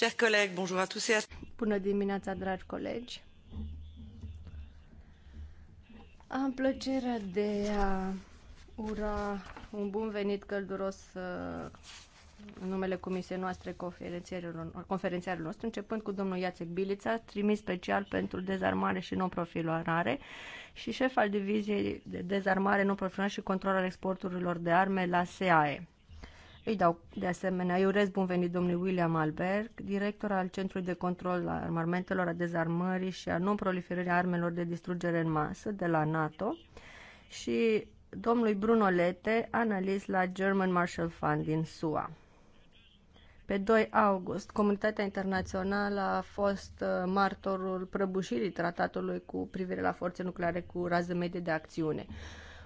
Chers collègues, bonjour à tous et à... Bună dimineața, dragi colegi! Am plăcerea de a ura un bun venit călduros uh, în numele comisiei noastre conferențiarul nostru, începând cu domnul Iacek Bilița, trimis special pentru dezarmare și non-profilorare și șef al diviziei de dezarmare, non-profilorare și control al exporturilor de arme la SEAE. Îi dau de asemenea, eu urez bun venit domnului William Alberg, director al Centrului de Control al Armamentelor, a Dezarmării și a Non-Proliferării Armelor de Distrugere în Masă de la NATO și domnului Bruno Lete, analist la German Marshall Fund din SUA. Pe 2 august, comunitatea internațională a fost uh, martorul prăbușirii tratatului cu privire la forțe nucleare cu rază medie de acțiune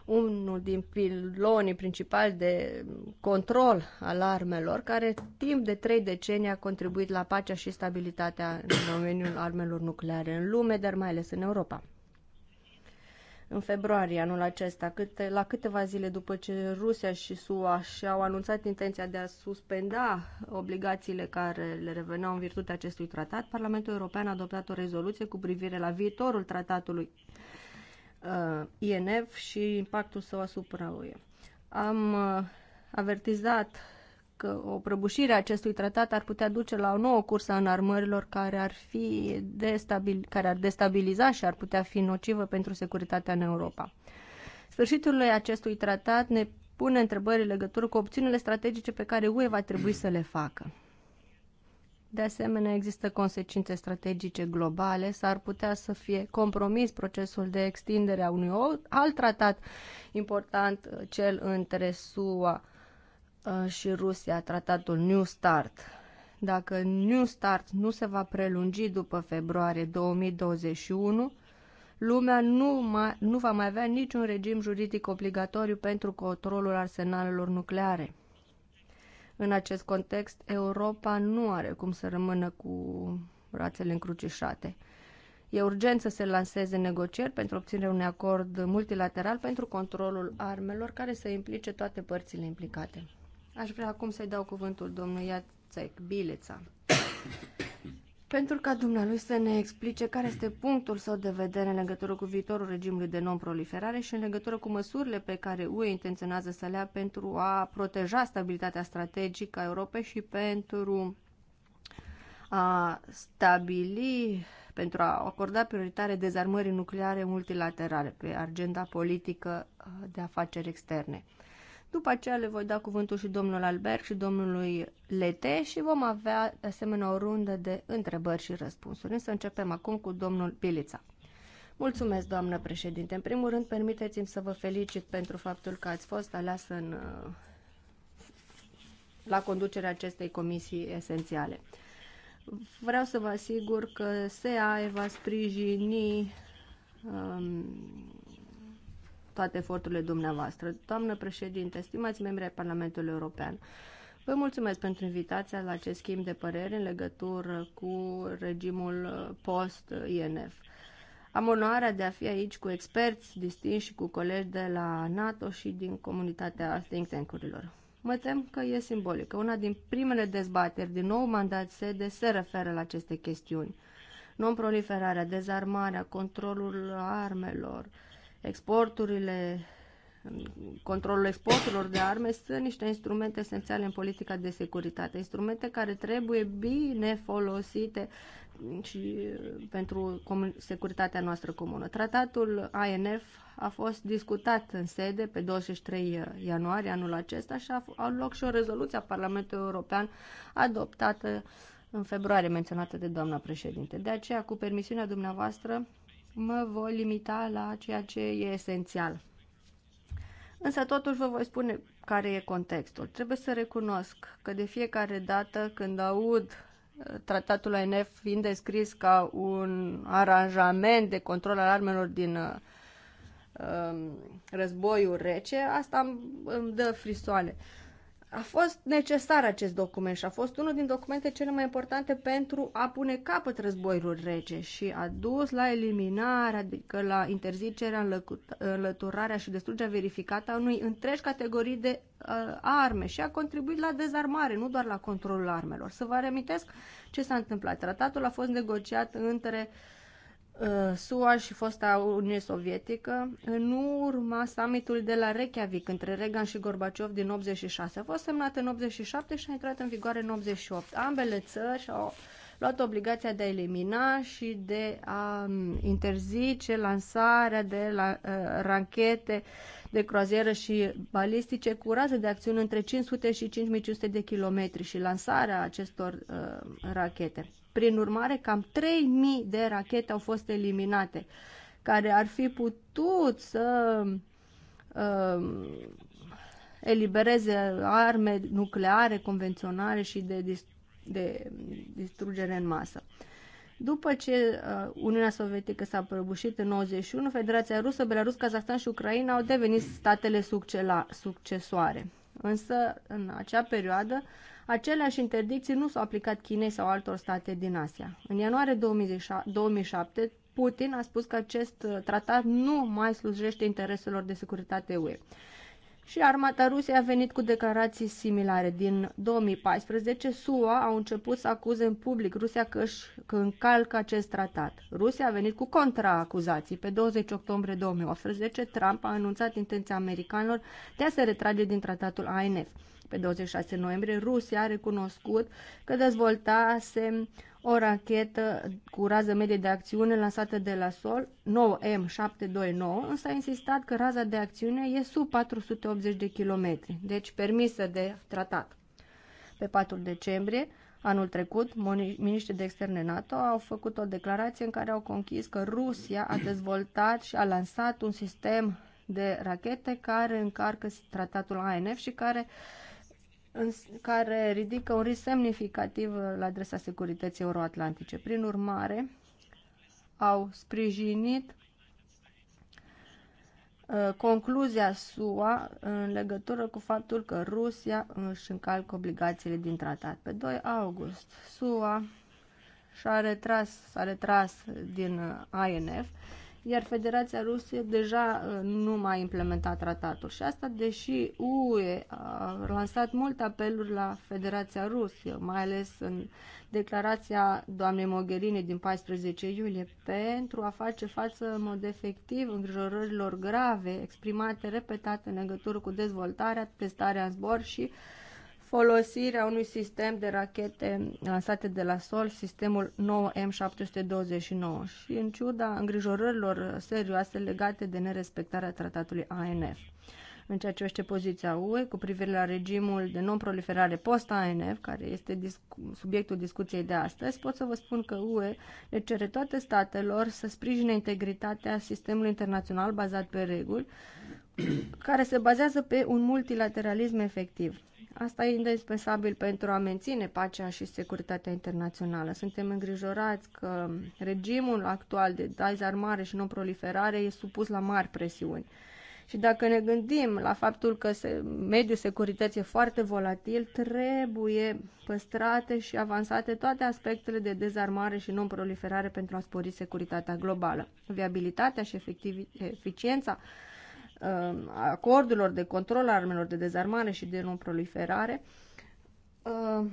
unul din pilonii principali de control al armelor, care timp de trei decenii a contribuit la pacea și stabilitatea în domeniul armelor nucleare în lume, dar mai ales în Europa. În februarie anul acesta, câte, la câteva zile după ce Rusia și SUA și-au anunțat intenția de a suspenda obligațiile care le reveneau în virtutea acestui tratat, Parlamentul European a adoptat o rezoluție cu privire la viitorul tratatului uh, INF și impactul său asupra UE. Am uh, avertizat că o prăbușire a acestui tratat ar putea duce la o nouă cursă în armărilor care ar, fi destabil, care ar destabiliza și ar putea fi nocivă pentru securitatea în Europa. Sfârșitul acestui tratat ne pune întrebări în legătură cu opțiunile strategice pe care UE va trebui să le facă. De asemenea, există consecințe strategice globale, s-ar putea să fie compromis procesul de extindere a unui alt tratat important, uh, cel între SUA uh, și Rusia, tratatul New Start. Dacă New Start nu se va prelungi după februarie 2021, lumea nu, mai, nu va mai avea niciun regim juridic obligatoriu pentru controlul arsenalelor nucleare. În acest context, Europa nu are cum să rămână cu brațele încrucișate. E urgent să se lanseze negocieri pentru obținerea unui acord multilateral pentru controlul armelor care să implice toate părțile implicate. Aș vrea acum să-i dau cuvântul domnului Iațec Bileța, pentru ca dumnealui să ne explice care este punctul său de vedere în legătură cu viitorul regimului de non-proliferare și în legătură cu măsurile pe care UE intenționează să le ia pentru a proteja stabilitatea strategică a Europei și pentru a stabili, pentru a acorda prioritare dezarmării nucleare multilaterale pe agenda politică de afaceri externe. După aceea le voi da cuvântul și domnul Albert și domnului Lete și vom avea de asemenea o rundă de întrebări și răspunsuri. Însă începem acum cu domnul Pilița. Mulțumesc, doamnă președinte. În primul rând, permiteți-mi să vă felicit pentru faptul că ați fost aleasă în, uh, la conducerea acestei comisii esențiale. Vreau să vă asigur că SEA va sprijini um, toate eforturile dumneavoastră. Doamnă președinte, stimați membri ai Parlamentului European, vă mulțumesc pentru invitația la acest schimb de păreri în legătură cu regimul uh, post-INF. Am onoarea de a fi aici cu experți distinși și cu colegi de la NATO și din comunitatea think tank-urilor. Mă tem că e simbolică. Una din primele dezbateri din nou mandat sede se referă la aceste chestiuni. Non-proliferarea, dezarmarea, controlul armelor, uh, Exporturile, controlul exporturilor de arme sunt niște instrumente esențiale în politica de securitate, instrumente care trebuie bine folosite și uh, pentru securitatea noastră comună. Tratatul ANF a fost discutat în sede pe 23 uh, ianuarie anul acesta și a avut loc și o rezoluție a Parlamentului European adoptată în februarie, menționată de doamna președinte. De aceea, cu permisiunea dumneavoastră, mă voi limita la ceea ce e esențial. Însă totuși vă voi spune care e contextul. Trebuie să recunosc că de fiecare dată când aud uh, tratatul ANF fiind descris ca un aranjament de control al armelor din uh, um, războiul rece, asta îmi dă frisoane. Uh, a fost necesar acest document și a fost unul din documente cele mai importante pentru a pune capăt războiului rece și a dus la eliminarea, adică la interzicerea, înlăturarea și destrugerea verificată a unui întregi categorii de uh, arme și a contribuit la dezarmare, nu doar la controlul armelor. Să vă reamintesc ce s-a întâmplat. Tratatul a fost negociat între uh, Uh, SUA și fosta Uniune Sovietică, în urma summitul de la Reykjavik între Reagan și Gorbaciov din 86. A fost semnat în 87 și a intrat în vigoare în 88. Ambele țări au luat obligația de a elimina și de a um, interzice lansarea de la, uh, ranchete de croazieră și balistice cu raze de acțiune între 500 și 5500 de kilometri și lansarea acestor uh, rachete. Prin urmare, cam 3.000 de rachete au fost eliminate, care ar fi putut să uh, elibereze arme nucleare, convenționale și de, dist- de distrugere în masă. După ce uh, Uniunea Sovietică s-a prăbușit în 91, Federația Rusă, Belarus, Kazahstan și Ucraina au devenit statele succela- succesoare. Însă, în acea perioadă, Aceleași interdicții nu s-au aplicat Chinei sau altor state din Asia. În ianuarie 2007, Putin a spus că acest uh, tratat nu mai slujește intereselor de securitate UE. Și armata Rusiei a venit cu declarații similare. Din 2014, SUA au început să acuze în public Rusia că, își, că încalcă acest tratat. Rusia a venit cu contraacuzații. Pe 20 octombrie 2018, Trump a anunțat intenția americanilor de a se retrage din tratatul ANF. Pe 26 noiembrie, Rusia a recunoscut că dezvoltase o rachetă cu rază medie de acțiune lansată de la Sol, 9M729, însă a insistat că raza de acțiune e sub 480 de kilometri, deci permisă de tratat. Pe 4 decembrie, Anul trecut, miniștrii de externe NATO au făcut o declarație în care au conchis că Rusia a dezvoltat și a lansat un sistem de rachete care încarcă tratatul ANF și care în care ridică un risc semnificativ la adresa securității euroatlantice. Prin urmare, au sprijinit uh, concluzia SUA în legătură cu faptul că Rusia își încalcă obligațiile din tratat. Pe 2 august, SUA și-a retras, s-a retras din uh, INF iar Federația Rusă deja uh, nu mai implementa tratatul. Și asta deși UE a lansat multe apeluri la Federația Rusă, mai ales în declarația doamnei Mogherini din 14 iulie, pentru a face față în mod efectiv îngrijorărilor grave exprimate repetate în legătură cu dezvoltarea, testarea în zbor și uh, folosirea unui sistem de rachete lansate de la sol, sistemul 9M729 și în ciuda îngrijorărilor serioase legate de nerespectarea tratatului ANF. În ceea ce este poziția UE cu privire la regimul de non-proliferare post-ANF, care este discu- subiectul discuției de astăzi, pot să vă spun că UE le cere toate statelor să sprijine integritatea sistemului internațional bazat pe reguli, care se bazează pe un multilateralism efectiv. Asta e indispensabil pentru a menține pacea și securitatea internațională. Suntem îngrijorați că regimul actual de dezarmare și non-proliferare e supus la mari presiuni. Și dacă ne gândim la faptul că se, mediul securității e foarte volatil, trebuie păstrate și avansate toate aspectele de dezarmare și non-proliferare pentru a spori securitatea globală. Viabilitatea și efectiv, eficiența Um, acordurilor de control a armelor de dezarmare și de non-proliferare um,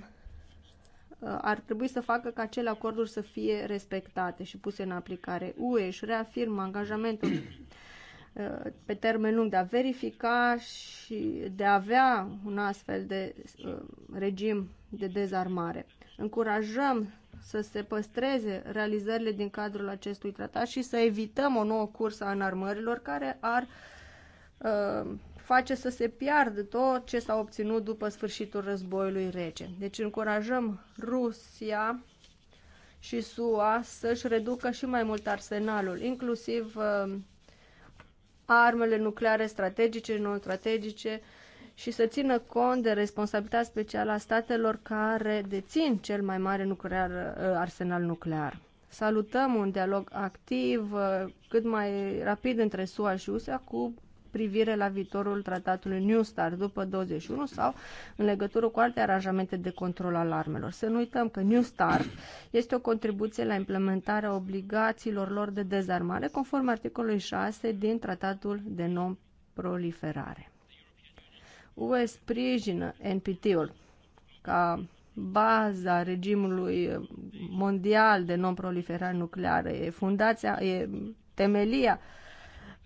uh, ar trebui să facă ca acele acorduri să fie respectate și puse în aplicare. UE își reafirmă angajamentul uh, pe termen lung de a verifica și de a avea un astfel de uh, regim de dezarmare. Încurajăm să se păstreze realizările din cadrul acestui tratat și să evităm o nouă cursă a înarmărilor care ar uh, Uh, face să se piardă tot ce s-a obținut după sfârșitul războiului rece. Deci încurajăm Rusia și SUA să-și reducă și mai mult arsenalul, inclusiv uh, armele nucleare strategice, non-strategice și să țină cont de responsabilitatea specială a statelor care dețin cel mai mare nuclear, uh, arsenal nuclear. Salutăm un dialog activ, uh, cât mai rapid între SUA și USA cu privire la viitorul tratatului New Start după 21 sau în legătură cu alte aranjamente de control al armelor. Să nu uităm că New Start este o contribuție la implementarea obligațiilor lor de dezarmare conform articolului 6 din tratatul de non-proliferare. UE sprijină NPT-ul ca baza regimului mondial de non-proliferare nucleară. E fundația, e temelia uh,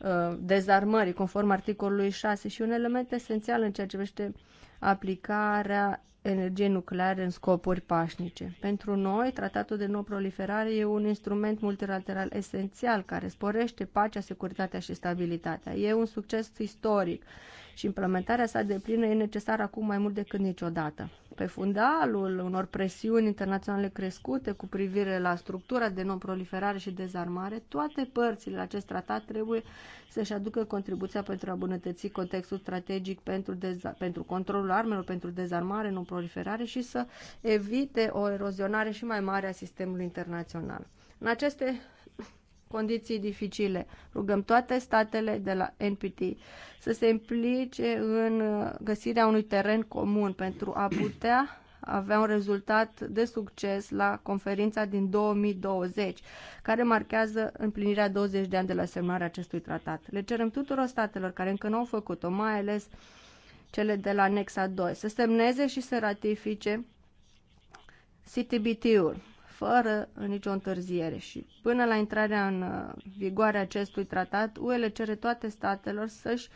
Uh, dezarmării, conform articolului 6 și un element esențial în ceea ce privește aplicarea energiei nucleare în scopuri pașnice. Pentru noi, tratatul de non-proliferare e un instrument multilateral esențial care sporește pacea, securitatea și stabilitatea. E un succes istoric și implementarea sa de plină e necesară acum mai mult decât niciodată. Pe fundalul unor presiuni internaționale crescute cu privire la structura de non-proliferare și dezarmare, toate părțile acest tratat trebuie să-și aducă contribuția pentru a bunătăți contextul strategic pentru, pentru controlul armelor, pentru dezarmare, non-proliferare și să evite o erozionare și mai mare a sistemului internațional. În aceste condiții dificile. Rugăm toate statele de la NPT să se implice în uh, găsirea unui teren comun pentru a putea avea un rezultat de succes la conferința din 2020, care marchează împlinirea 20 de ani de la semnarea acestui tratat. Le cerem tuturor statelor care încă nu au făcut-o, mai ales cele de la Nexa 2, să semneze și să ratifice CTBT-ul fără nicio întârziere și până la intrarea în uh, vigoare acestui tratat, UE le cere toate statelor să-și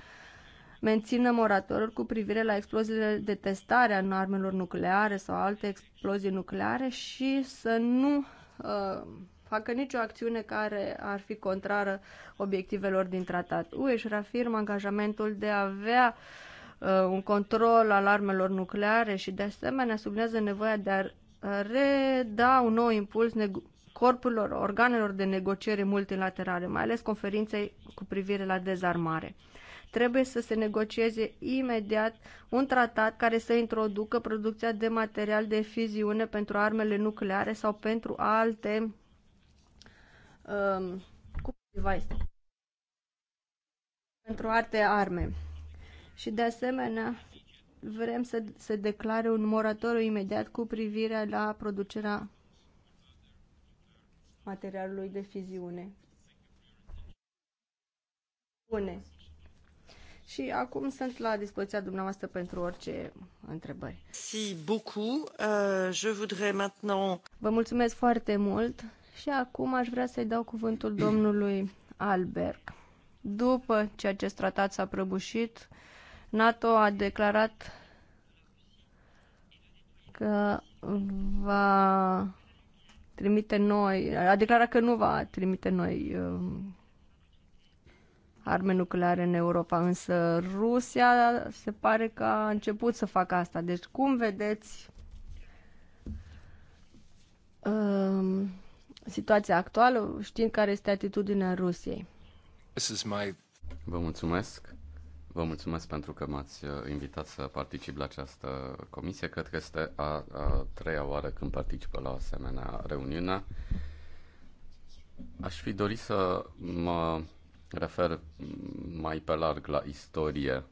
mențină moratoriul cu privire la exploziile de testare a armelor nucleare sau alte explozii nucleare și să nu uh, facă nicio acțiune care ar fi contrară obiectivelor din tratat. UE își reafirmă angajamentul de a avea uh, un control al armelor nucleare și de asemenea sublinează nevoia de a reda un nou impuls corpurilor, organelor de negociere multilaterale, mai ales conferinței cu privire la dezarmare. Trebuie să se negocieze imediat un tratat care să introducă producția de material de fiziune pentru armele nucleare sau pentru alte um, device. Pentru alte arme. Și de asemenea, vrem să se declare un moratoriu imediat cu privire la producerea materialului de fiziune. Bune. Și acum sunt la dispoziția dumneavoastră pentru orice întrebări. Si beaucoup. Euh, je voudrais maintenant... Vă mulțumesc foarte mult și acum aș vrea să-i dau cuvântul domnului Alberg. După ce acest tratat s-a prăbușit, NATO a declarat că va trimite noi, a declarat că nu va trimite noi uh, arme nucleare în Europa, însă Rusia se pare că a început să facă asta. Deci cum vedeți uh, situația actuală, știind care este atitudinea Rusiei? This is my... Vă mulțumesc. Vă mulțumesc pentru că m-ați uh, invitat să particip la această comisie. Cred că este a, a treia oară când participă la o asemenea reuniune. Aș fi dorit să mă refer mai pe larg la istorie.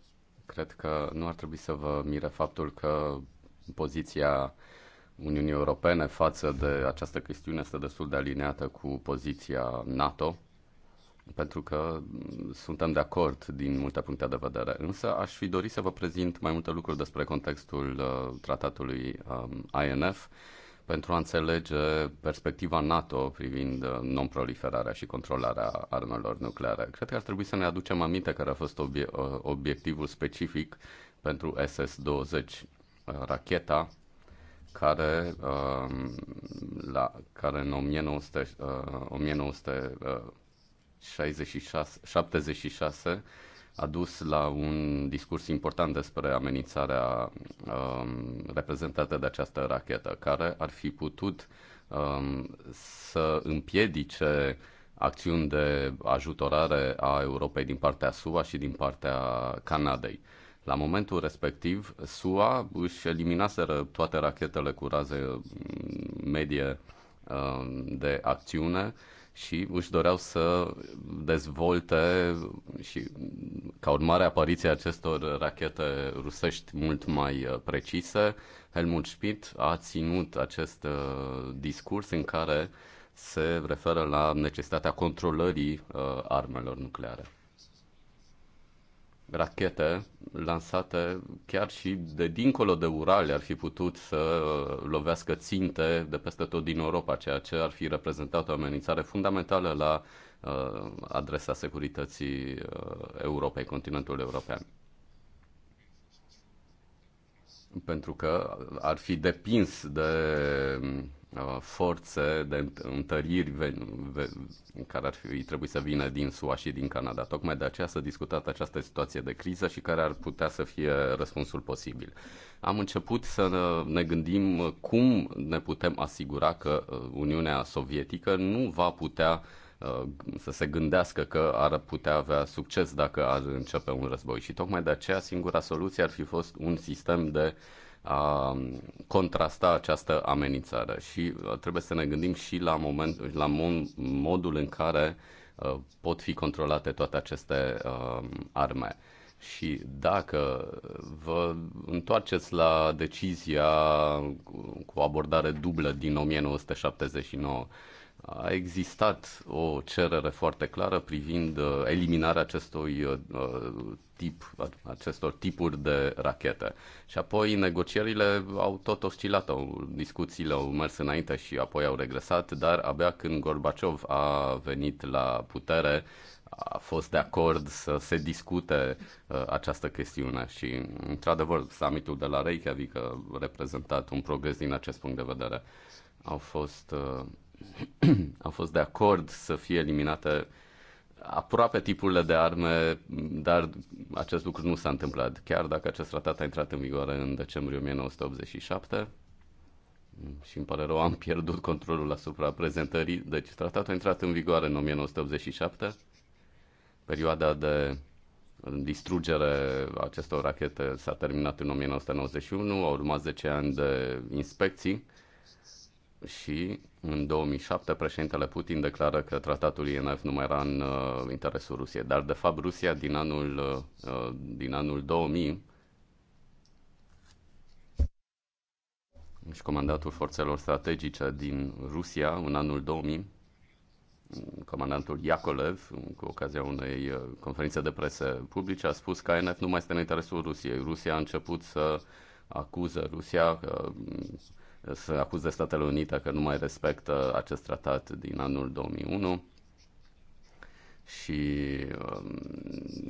Cred că nu ar trebui să vă mire faptul că poziția Uniunii Europene față de această chestiune este destul de alineată cu poziția NATO pentru că mm, suntem de acord din multe puncte de vedere. Însă aș fi dorit să vă prezint mai multe lucruri despre contextul uh, tratatului um, INF pentru a înțelege perspectiva NATO privind uh, non-proliferarea și controlarea armelor nucleare. Cred că ar trebui să ne aducem aminte care a fost obie- uh, obiectivul specific pentru SS-20, uh, racheta care, um, la, care în 1900, 1900 66, 76 a dus la un discurs important despre amenințarea um, reprezentată de această rachetă, care ar fi putut um, să împiedice acțiuni de ajutorare a Europei din partea SUA și din partea Canadei. La momentul respectiv, SUA își eliminaseră toate rachetele cu raze um, medie um, de acțiune și își doreau să dezvolte și ca urmare a apariției acestor rachete rusești mult mai uh, precise, Helmut Schmidt a ținut acest uh, discurs în care se referă la necesitatea controlării uh, armelor nucleare rachete lansate chiar și de dincolo de Urale ar fi putut să lovească ținte de peste tot din Europa, ceea ce ar fi reprezentat o amenințare fundamentală la uh, adresa securității uh, Europei, continentul european. Pentru că ar fi depins de Uh, forțe de întăriri care ar fi trebuit să vină din SUA și din Canada. Tocmai de aceea s-a discutat această situație de criză și care ar putea să fie răspunsul posibil. Am început să ne gândim cum ne putem asigura că uh, Uniunea Sovietică nu va putea uh, să se gândească că ar putea avea succes dacă ar începe un război. Și tocmai de aceea singura soluție ar fi fost un sistem de uh, a contrasta această amenințare și uh, trebuie să ne gândim și la, moment, la modul în care uh, pot fi controlate toate aceste uh, arme. Și dacă vă întoarceți la decizia cu abordare dublă din 1979, a existat o cerere foarte clară privind uh, eliminarea acestui uh, uh, tip, acestor tipuri de rachete. Și apoi negocierile au tot oscilat, au, discuțiile au mers înainte și apoi au regresat, dar abia când Gorbaciov a venit la putere, a fost de acord să se discute uh, această chestiune și, într-adevăr, summitul de la Reykjavik a reprezentat un progres din acest punct de vedere. Au fost uh, au fost de acord să fie eliminate aproape tipurile de arme, dar acest lucru nu s-a întâmplat. Chiar dacă acest tratat a intrat în vigoare în decembrie 1987, și îmi pare rău, am pierdut controlul asupra prezentării. Deci tratatul a intrat în vigoare în 1987. Perioada de distrugere acestor rachete s-a terminat în 1991, au urmat 10 ani de inspecții și în 2007 președintele Putin declară că tratatul INF nu mai era în uh, interesul Rusiei. Dar de fapt Rusia din anul, uh, uh din anul 2000 și comandatul forțelor strategice din Rusia în anul 2000 comandantul Iacolev, cu ocazia unei uh, conferințe de presă publice, a spus că ANF nu mai este în interesul Rusiei. Rusia a început să acuză Rusia că mm, se acuze Statele Unite că nu mai respectă acest tratat din anul 2001 și um,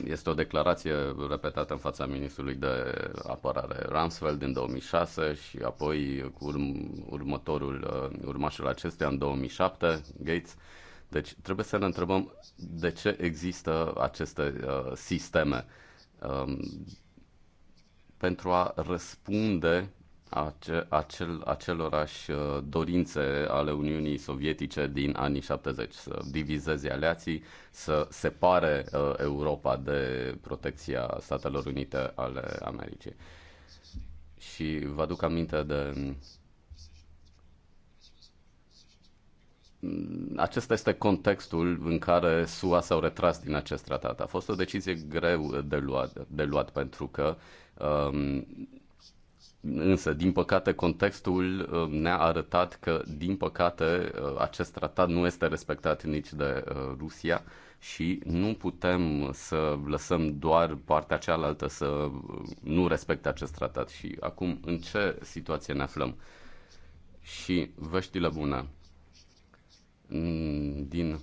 este o declarație repetată în fața ministrului de apărare Rumsfeld în 2006 și apoi cu următorul uh, urmașul acestea în 2007, Gates. Deci trebuie să ne întrebăm de ce există aceste uh, sisteme um, pentru a răspunde ace- acel, oraș uh, dorințe ale Uniunii Sovietice din anii 70, să divizeze aliații, să separe uh, Europa de protecția Statelor Unite ale Americii. Și vă aduc aminte de mm, acesta este contextul în care SUA s-au retras din acest tratat. A fost o decizie greu de luat, de luat pentru că um, Însă, din păcate, contextul uh, ne-a arătat că, din păcate, uh, acest tratat nu este respectat nici de uh, Rusia și nu putem să lăsăm doar partea cealaltă să nu respecte acest tratat. Și acum, în ce situație ne aflăm? Și veștile bune. Din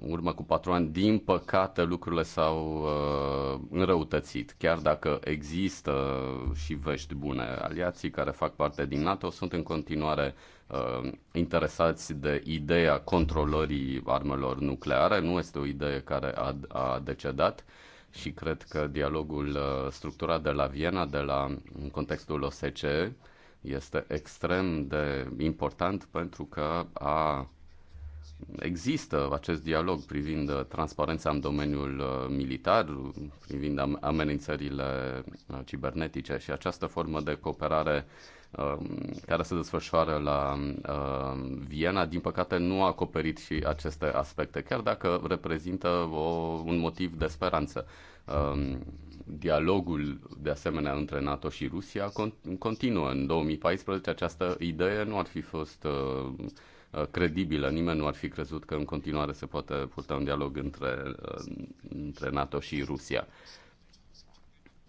urmă cu patru ani, din păcate lucrurile s-au uh, înrăutățit. Chiar dacă există și vești bune, aliații care fac parte din NATO sunt în continuare uh, interesați de ideea controlării armelor nucleare. Nu este o idee care a, a decedat și cred că dialogul uh, structurat de la Viena, de la în contextul OSCE, este extrem de important pentru că a există acest dialog privind uh, transparența în domeniul uh, militar, privind amenințările uh, cibernetice și această formă de cooperare um, care se desfășoară la Viena, din păcate nu a acoperit și aceste aspecte, chiar dacă reprezintă o, un motiv de speranță. Um, dialogul, de asemenea, între NATO și Rusia continuă. În 2014 această idee nu ar fi fost Uh, credibilă. Nimeni nu ar fi crezut că în continuare se poate purta un dialog între, uh, între NATO și Rusia.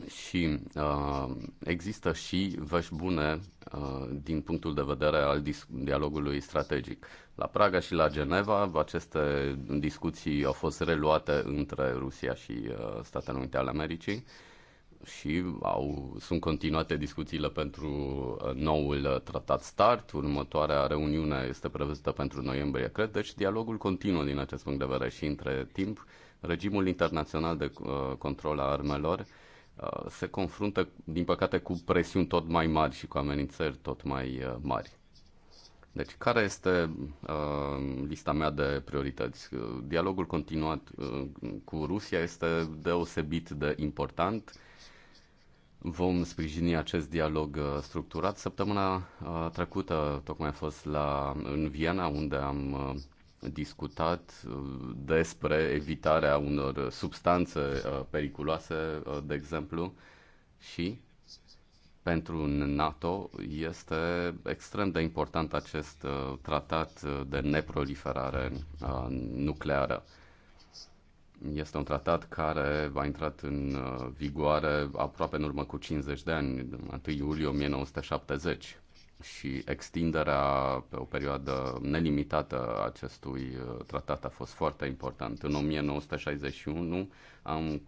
Și uh, există și vești bune uh, din punctul de vedere al dialogului strategic. La Praga și la Geneva aceste discuții au fost reluate între Rusia și uh, Statele Unite ale Americii. Uh, și au, sunt continuate discuțiile pentru uh, noul uh, tratat START. Următoarea reuniune este prevăzută pentru noiembrie, cred, deci dialogul continuă din acest punct de vedere și între timp regimul internațional de uh, control a armelor se confruntă, din păcate, cu presiuni tot mai mari și cu amenințări tot mai mari. Deci, care este uh, lista mea de priorități? Dialogul continuat uh, cu Rusia este deosebit de important vom sprijini acest dialog uh, structurat. Săptămâna uh, trecută tocmai a fost la, în Viena, unde am uh, discutat despre evitarea unor substanțe periculoase, de exemplu, și pentru NATO este extrem de important acest tratat de neproliferare nucleară. Este un tratat care a intrat în uh, vigoare aproape în urmă cu 50 de ani, 1 iulie 1970 și extinderea pe o perioadă nelimitată acestui uh, tratat a fost foarte important. În 1961 am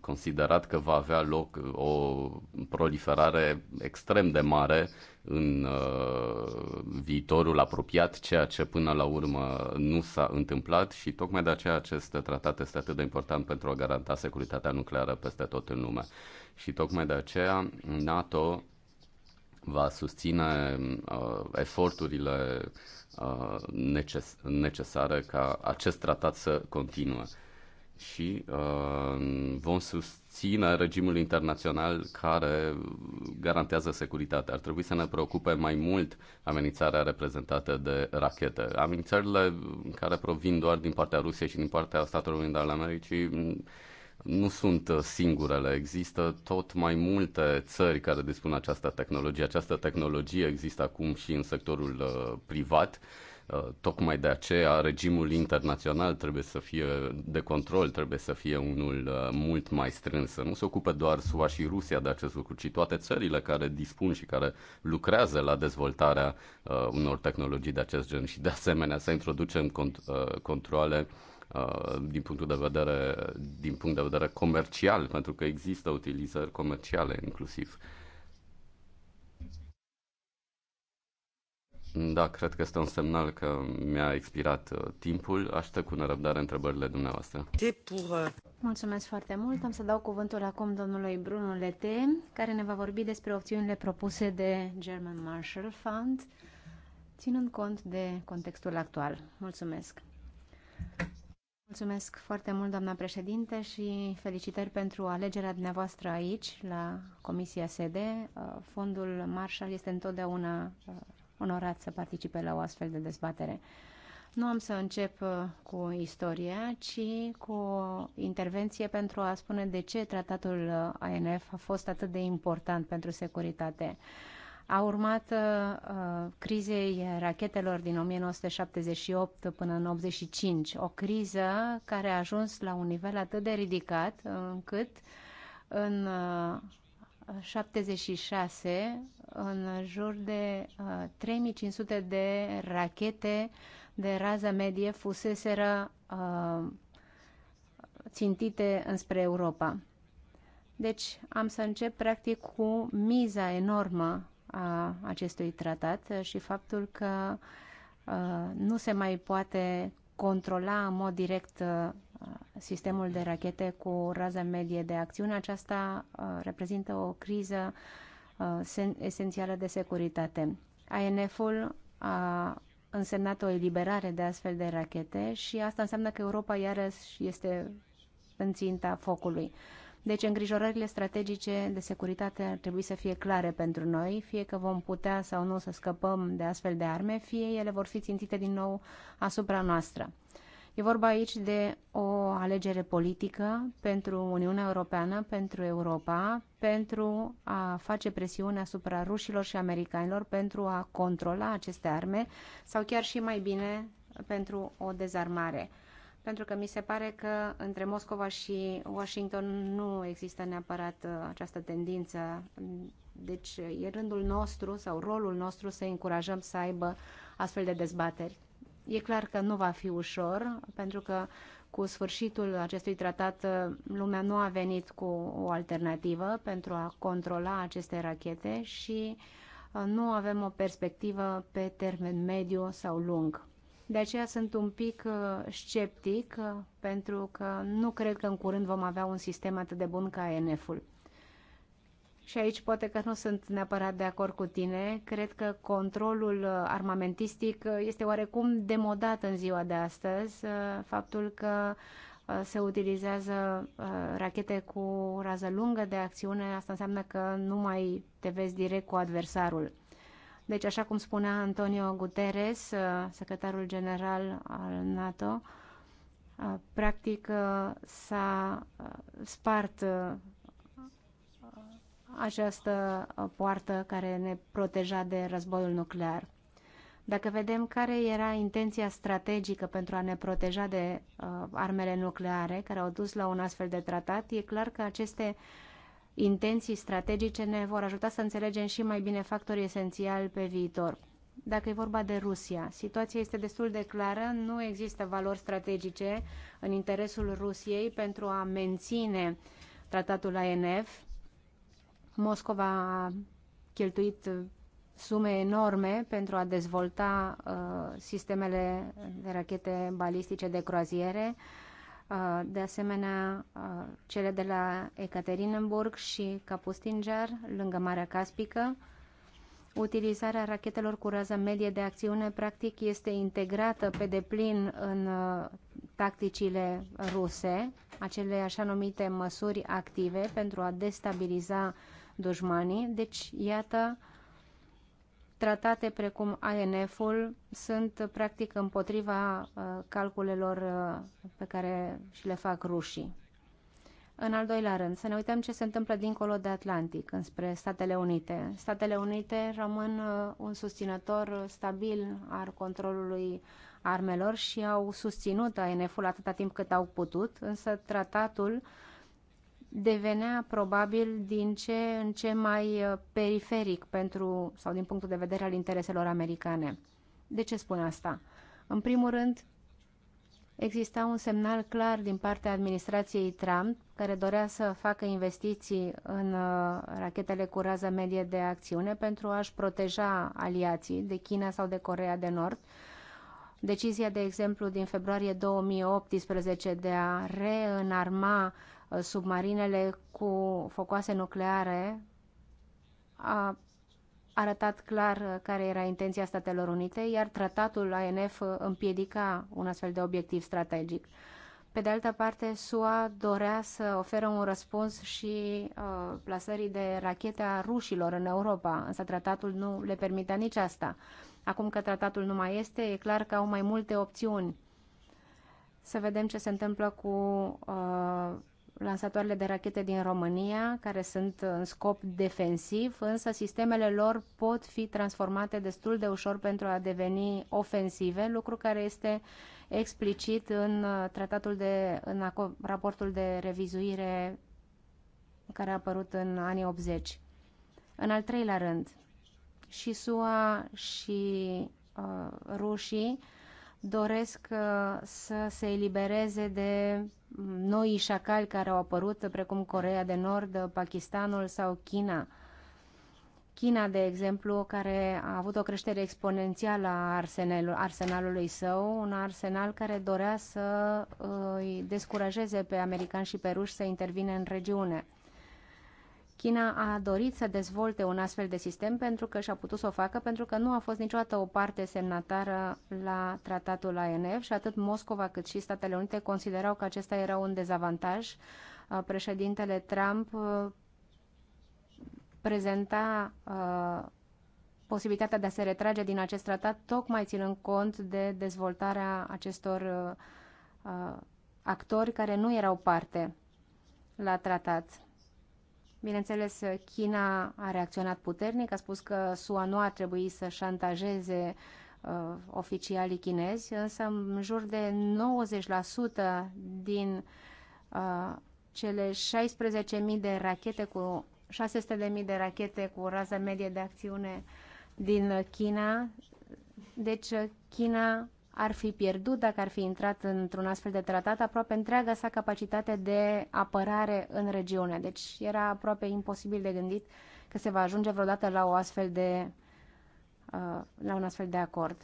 considerat că va avea loc uh, o proliferare extrem de mare în uh, viitorul apropiat, ceea ce până la urmă nu s-a întâmplat și tocmai de aceea acest tratat este atât de important pentru a garanta securitatea nucleară peste tot în lume. Și tocmai de aceea NATO va susține uh, eforturile uh, neces- necesare ca acest tratat să continue și uh, vom susține regimul internațional care garantează securitatea. Ar trebui să ne preocupe mai mult amenințarea reprezentată de rachete. Amenințările care provin doar din partea Rusiei și din partea Statelor Unite ale Americii nu sunt uh, singurele. Există tot mai multe țări care dispun această tehnologie. Această tehnologie există acum și în sectorul uh, privat. Uh, tocmai de aceea regimul internațional trebuie să fie de control, trebuie să fie unul mult mai strâns. Nu se ocupe doar SUA și Rusia de acest lucru, ci toate țările care dispun și care lucrează la dezvoltarea unor tehnologii de acest gen. Și de asemenea să introducem controle Uh, din punctul de vedere, din punct de vedere comercial, pentru că există utilizări comerciale inclusiv. Da, cred că este un semnal că mi-a expirat uh, timpul. Aștept cu nerăbdare întrebările dumneavoastră. Uh, Mulțumesc foarte mult. Am să dau cuvântul acum domnului Bruno Lete, care ne va vorbi despre opțiunile propuse de German Marshall Fund, ținând cont de contextul actual. Mulțumesc. Mulțumesc foarte mult, doamna președinte, și felicitări pentru alegerea dumneavoastră aici, la Comisia SED. Uh, Fondul Marshall este întotdeauna uh, onorat să participe la o astfel de dezbatere. Nu am să încep uh, cu istoria, ci cu o intervenție pentru a spune de ce tratatul ANF a fost atât de important pentru securitate. A urmat uh, crizei rachetelor din 1978 până în 1985, o criză care a ajuns la un nivel atât de ridicat încât în uh, 76, în jur de uh, 3500 de rachete de rază medie fuseseră uh, țintite înspre Europa. Deci am să încep practic cu miza enormă a acestui tratat și faptul că uh, nu se mai poate controla în mod direct uh, sistemul de rachete cu rază medie de acțiune. Aceasta uh, reprezintă o criză esențială de securitate. ANF-ul a însemnat o eliberare de astfel de rachete și asta înseamnă că Europa iarăși este în ținta focului. Deci îngrijorările strategice de securitate ar trebui să fie clare pentru noi, fie că vom putea sau nu să scăpăm de astfel de arme, fie ele vor fi țintite din nou asupra noastră. E vorba aici de o alegere politică pentru Uniunea Europeană, pentru Europa, pentru a face presiune asupra rușilor și americanilor pentru a controla aceste arme sau chiar și mai bine pentru o dezarmare pentru că mi se pare că între Moscova și Washington nu există neapărat uh, această tendință. Deci e rândul nostru sau rolul nostru să încurajăm să aibă astfel de dezbateri. E clar că nu va fi ușor, pentru că cu sfârșitul acestui tratat uh, lumea nu a venit cu o alternativă pentru a controla aceste rachete și uh, nu avem o perspectivă pe termen mediu sau lung. De aceea sunt un pic uh, sceptic, uh, pentru că nu cred că în curând vom avea un sistem atât de bun ca ENF-ul. Și aici poate că nu sunt neapărat de acord cu tine. Cred că controlul uh, armamentistic este oarecum demodat în ziua de astăzi. Faptul că se utilizează rachete cu rază lungă de acțiune, asta înseamnă că nu mai te vezi direct cu adversarul. Deci, așa cum spunea Antonio Guterres, uh, secretarul general al NATO, uh, practic uh, s-a spart această poartă care ne proteja de războiul nuclear. Dacă vedem care era intenția strategică pentru a ne proteja de uh, armele nucleare care au dus la un astfel de tratat, e clar că aceste uh, intenții strategice ne vor ajuta să înțelegem și mai bine factorii esențiali pe viitor. Dacă e vorba de Rusia, situația este destul de clară, nu există valori strategice în interesul Rusiei pentru a menține tratatul ANF. Moscova a cheltuit sume enorme pentru a dezvolta uh, sistemele de rachete balistice de croaziere. Uh, Uh, de asemenea uh, cele de la Ekaterinburg și Capustinger, lângă Marea Caspică. Utilizarea rachetelor cu rază medie de acțiune practic este integrată pe deplin în uh, tacticile ruse, acele așa numite măsuri active pentru a destabiliza dușmanii. Deci, iată, uh, tratate precum ANF-ul sunt practic împotriva uh, calculelor uh, pe care și le fac rușii. În al doilea rând, să ne uităm ce se întâmplă dincolo de Atlantic, înspre Statele Unite. Statele Unite rămân uh, un susținător stabil al controlului armelor și au susținut ANF-ul atâta timp cât au putut, însă tratatul uh, devenea probabil din ce în ce mai uh, periferic pentru, sau din punctul de vedere al intereselor americane. De ce spun asta? În primul rând, exista un semnal clar din partea administrației Trump, care dorea să facă investiții în uh, rachetele cu rază medie de acțiune pentru a-și proteja aliații de China sau de Corea de Nord, Decizia, de exemplu, din februarie 2018 de a reînarma Uh, submarinele cu focoase nucleare a arătat clar uh, care era intenția Statelor Unite, iar tratatul ANF împiedica un astfel de obiectiv strategic. Pe de altă parte, SUA dorea să oferă un răspuns și uh, plasării de rachete a rușilor în Europa, însă tratatul nu le permitea nici asta. Acum că tratatul nu mai este, e clar că au mai multe opțiuni. Să vedem ce se întâmplă cu uh, lansatoarele de rachete din România, care sunt în scop defensiv, însă sistemele lor pot fi transformate destul de ușor pentru a deveni ofensive, lucru care este explicit în uh, tratatul de, în raportul de revizuire care a apărut în anii 80. În al treilea rând, și SUA și uh, rușii uh, doresc uh, să se elibereze de mm, noi șacali care au apărut, precum Corea de Nord, uh, Pakistanul sau China. China, de exemplu, care a avut o creștere exponențială a arsenalul, arsenalului său, un arsenal care dorea să uh, îi descurajeze pe americani și pe ruși să intervine în regiune. China a dorit să dezvolte un astfel de sistem pentru că și-a putut să o facă, pentru că nu a fost niciodată o parte semnatară la tratatul ANF și atât Moscova cât și Statele Unite considerau că acesta era un dezavantaj. Uh, președintele Trump uh, prezenta uh, posibilitatea de a se retrage din acest tratat, tocmai ținând cont de dezvoltarea acestor actori care nu erau parte la tratat. Bineînțeles, China a reacționat puternic, a spus că SUA nu ar trebui să șantajeze uh, oficialii chinezi, însă în jur de 90% din uh, cele 16.000 de rachete cu 600.000 de rachete cu rază medie de acțiune din China. Deci China ar fi pierdut, dacă ar fi intrat într-un astfel de tratat, aproape întreaga sa capacitate de apărare în regiune. Deci era aproape imposibil de gândit că se va ajunge vreodată la, o astfel de, uh, la un astfel de acord.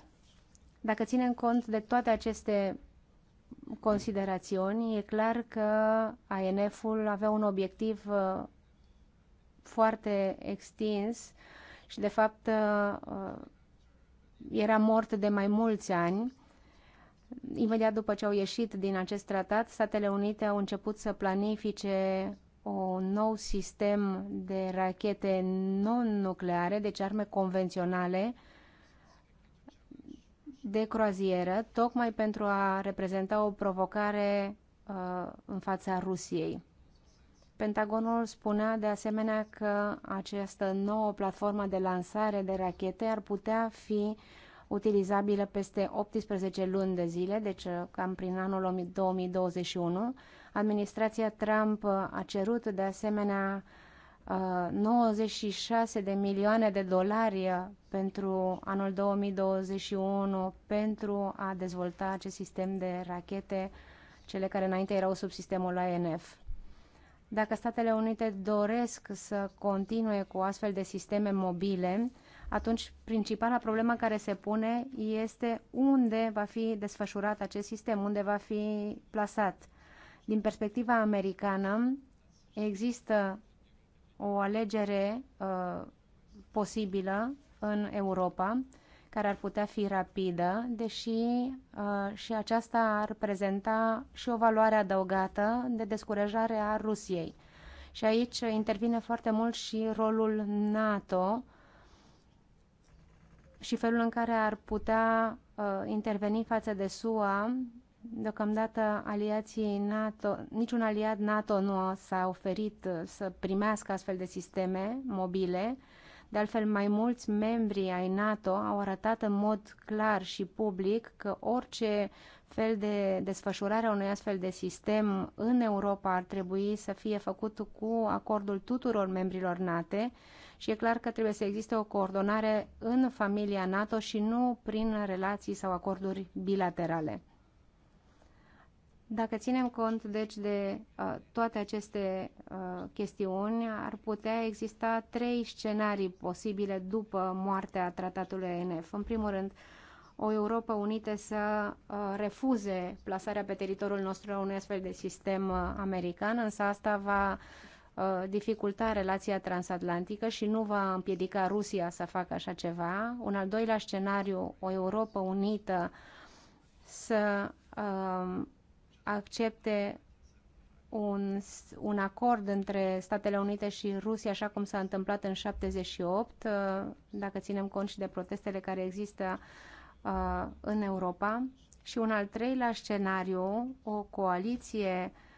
Dacă ținem cont de toate aceste considerațiuni, e clar că ANF-ul avea un obiectiv uh, foarte extins și, de fapt, uh, era mort de mai mulți ani Imediat după ce au ieșit din acest tratat, Statele Unite au început să planifice un nou sistem de rachete non-nucleare, deci arme convenționale de croazieră, tocmai pentru a reprezenta o provocare uh, în fața Rusiei. Pentagonul spunea de asemenea că această nouă platformă de lansare de rachete ar putea fi uh, utilizabilă peste 18 luni de zile, deci uh, cam prin anul 2021. Administrația Trump uh, a cerut de asemenea 96 uh, de milioane de dolari pentru anul 2021 pentru a dezvolta acest sistem de rachete, cele care înainte erau sub sistemul ANF. Dacă Statele Unite doresc să continue cu astfel de sisteme mobile, atunci principala problemă care se pune este unde va fi desfășurat acest sistem, unde va fi plasat. Din perspectiva americană, există o alegere uh, posibilă în Europa, care ar putea fi rapidă, deși uh, și aceasta ar prezenta și o valoare adăugată de descurajare a Rusiei. Și aici intervine foarte mult și rolul NATO, uh, și felul în care ar putea uh, interveni față de SUA. Deocamdată aliații NATO, niciun aliat NATO nu s-a oferit uh, să primească astfel de sisteme mobile. De altfel, mai mulți membri ai NATO au arătat în mod clar și public că orice fel de desfășurare a unui astfel de sistem în Europa ar trebui să fie făcut cu acordul tuturor membrilor NATO și e clar că trebuie să existe o coordonare în familia NATO și nu prin relații sau acorduri bilaterale. Dacă ținem cont, deci, de uh, toate aceste uh, chestiuni, ar putea exista trei scenarii posibile după moartea tratatului ENF. În primul rând, o Europa Unită să uh, refuze plasarea pe teritoriul nostru a unui astfel de sistem uh, american, însă asta va uh, Uh, dificulta relația transatlantică și nu va împiedica Rusia să facă așa ceva. Un al doilea scenariu, o Europa unită să uh, accepte un, un acord între Statele Unite și Rusia, așa cum s-a întâmplat în 78, uh, dacă ținem cont și de protestele care există uh, în Europa. Și un al treilea scenariu, o coaliție uh,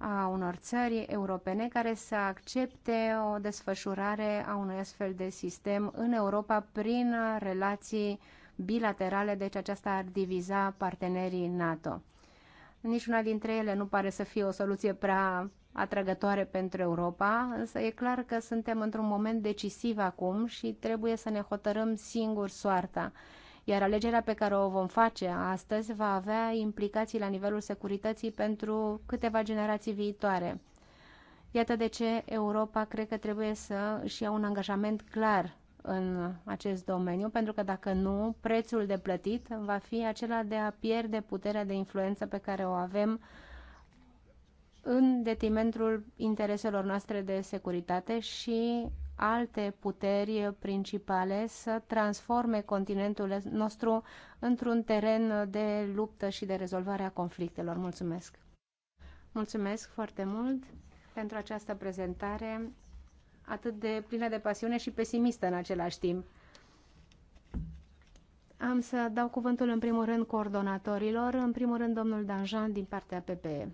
a unor țări europene care să accepte o desfășurare a unui astfel de sistem în Europa prin relații bilaterale, deci aceasta ar diviza partenerii NATO. Niciuna dintre ele nu pare să fie o soluție prea atrăgătoare pentru Europa, însă e clar că suntem într-un moment decisiv acum și trebuie să ne hotărâm singur soarta iar alegerea pe care o vom face astăzi va avea implicații la nivelul securității pentru câteva generații viitoare. Iată de ce Europa cred că trebuie să își ia un angajament clar în acest domeniu, pentru că dacă nu, prețul de plătit va fi acela de a pierde puterea de influență pe care o avem în detrimentul intereselor noastre de securitate și alte puteri principale să transforme continentul nostru într-un teren de luptă și de rezolvare a conflictelor. Mulțumesc! Mulțumesc foarte mult pentru această prezentare atât de plină de pasiune și pesimistă în același timp. Am să dau cuvântul în primul rând coordonatorilor, în primul rând domnul Danjan din partea PPE.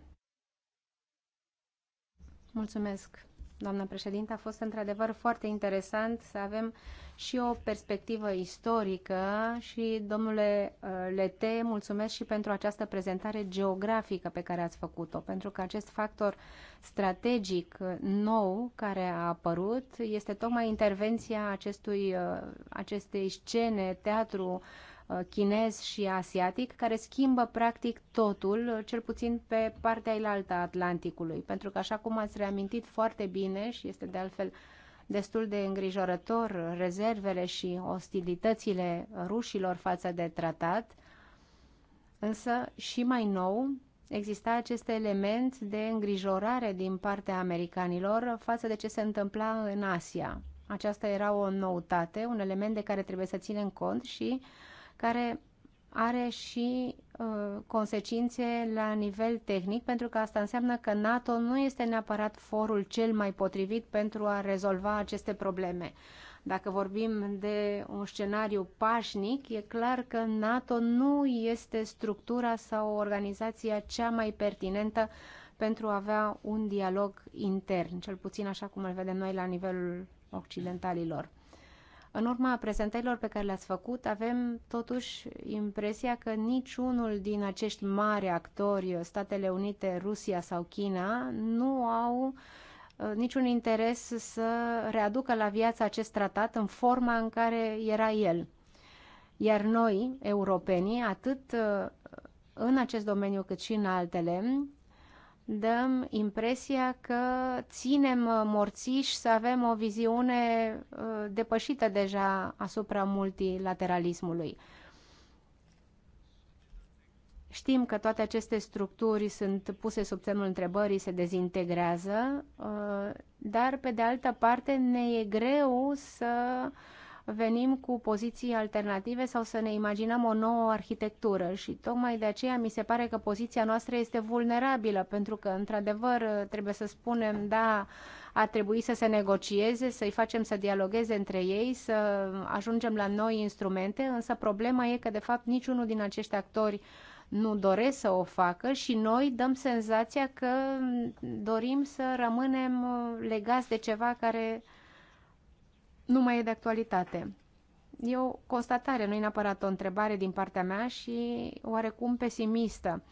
Mulțumesc, doamna președinte. A fost într-adevăr foarte interesant să avem și o perspectivă istorică și, domnule uh, Lete, mulțumesc și pentru această prezentare geografică pe care ați făcut-o, pentru că acest factor strategic uh, nou care a apărut este tocmai intervenția acestui, uh, acestei scene, teatru, uh, Uh, chinez și asiatic, care schimbă practic totul, uh, cel puțin pe partea ilaltă a Atlanticului. Pentru că, așa cum ați reamintit foarte bine și este de altfel destul de îngrijorător rezervele și ostilitățile rușilor față de tratat, însă și mai nou exista acest element de îngrijorare din partea americanilor față de ce se întâmpla în Asia. Aceasta era o noutate, un element de care trebuie să ținem cont și uh, care are și uh, consecințe la nivel tehnic, pentru că asta înseamnă că NATO nu este neapărat forul cel mai potrivit pentru a rezolva aceste probleme. Dacă vorbim de un scenariu pașnic, e clar că NATO nu este structura sau organizația cea mai pertinentă pentru a avea un dialog intern, cel puțin așa cum îl vedem noi la nivelul occidentalilor. În urma prezentărilor pe care le-ați făcut, avem totuși impresia că niciunul din acești mari actori, Statele Unite, Rusia sau China, nu au uh, niciun interes să readucă la viață acest tratat în forma în care era el. Iar noi, europenii, atât uh, în acest domeniu cât și în altele, dăm impresia că ținem morțiși să avem o viziune uh, depășită deja asupra multilateralismului. Știm că toate aceste structuri sunt puse sub semnul întrebării, se dezintegrează, uh, dar pe de altă parte ne e greu să uh, venim cu poziții alternative sau să ne imaginăm o nouă arhitectură și tocmai de aceea mi se pare că poziția noastră este vulnerabilă pentru că, într-adevăr, trebuie să spunem, da, ar trebui să se negocieze, să-i facem să dialogueze între ei, să ajungem la noi instrumente, însă problema e că, de fapt, niciunul din acești actori nu doresc să o facă și noi dăm senzația că dorim să rămânem legați de ceva care nu mai e de actualitate. E o constatare, nu e neapărat o întrebare din partea mea și oarecum pesimistă.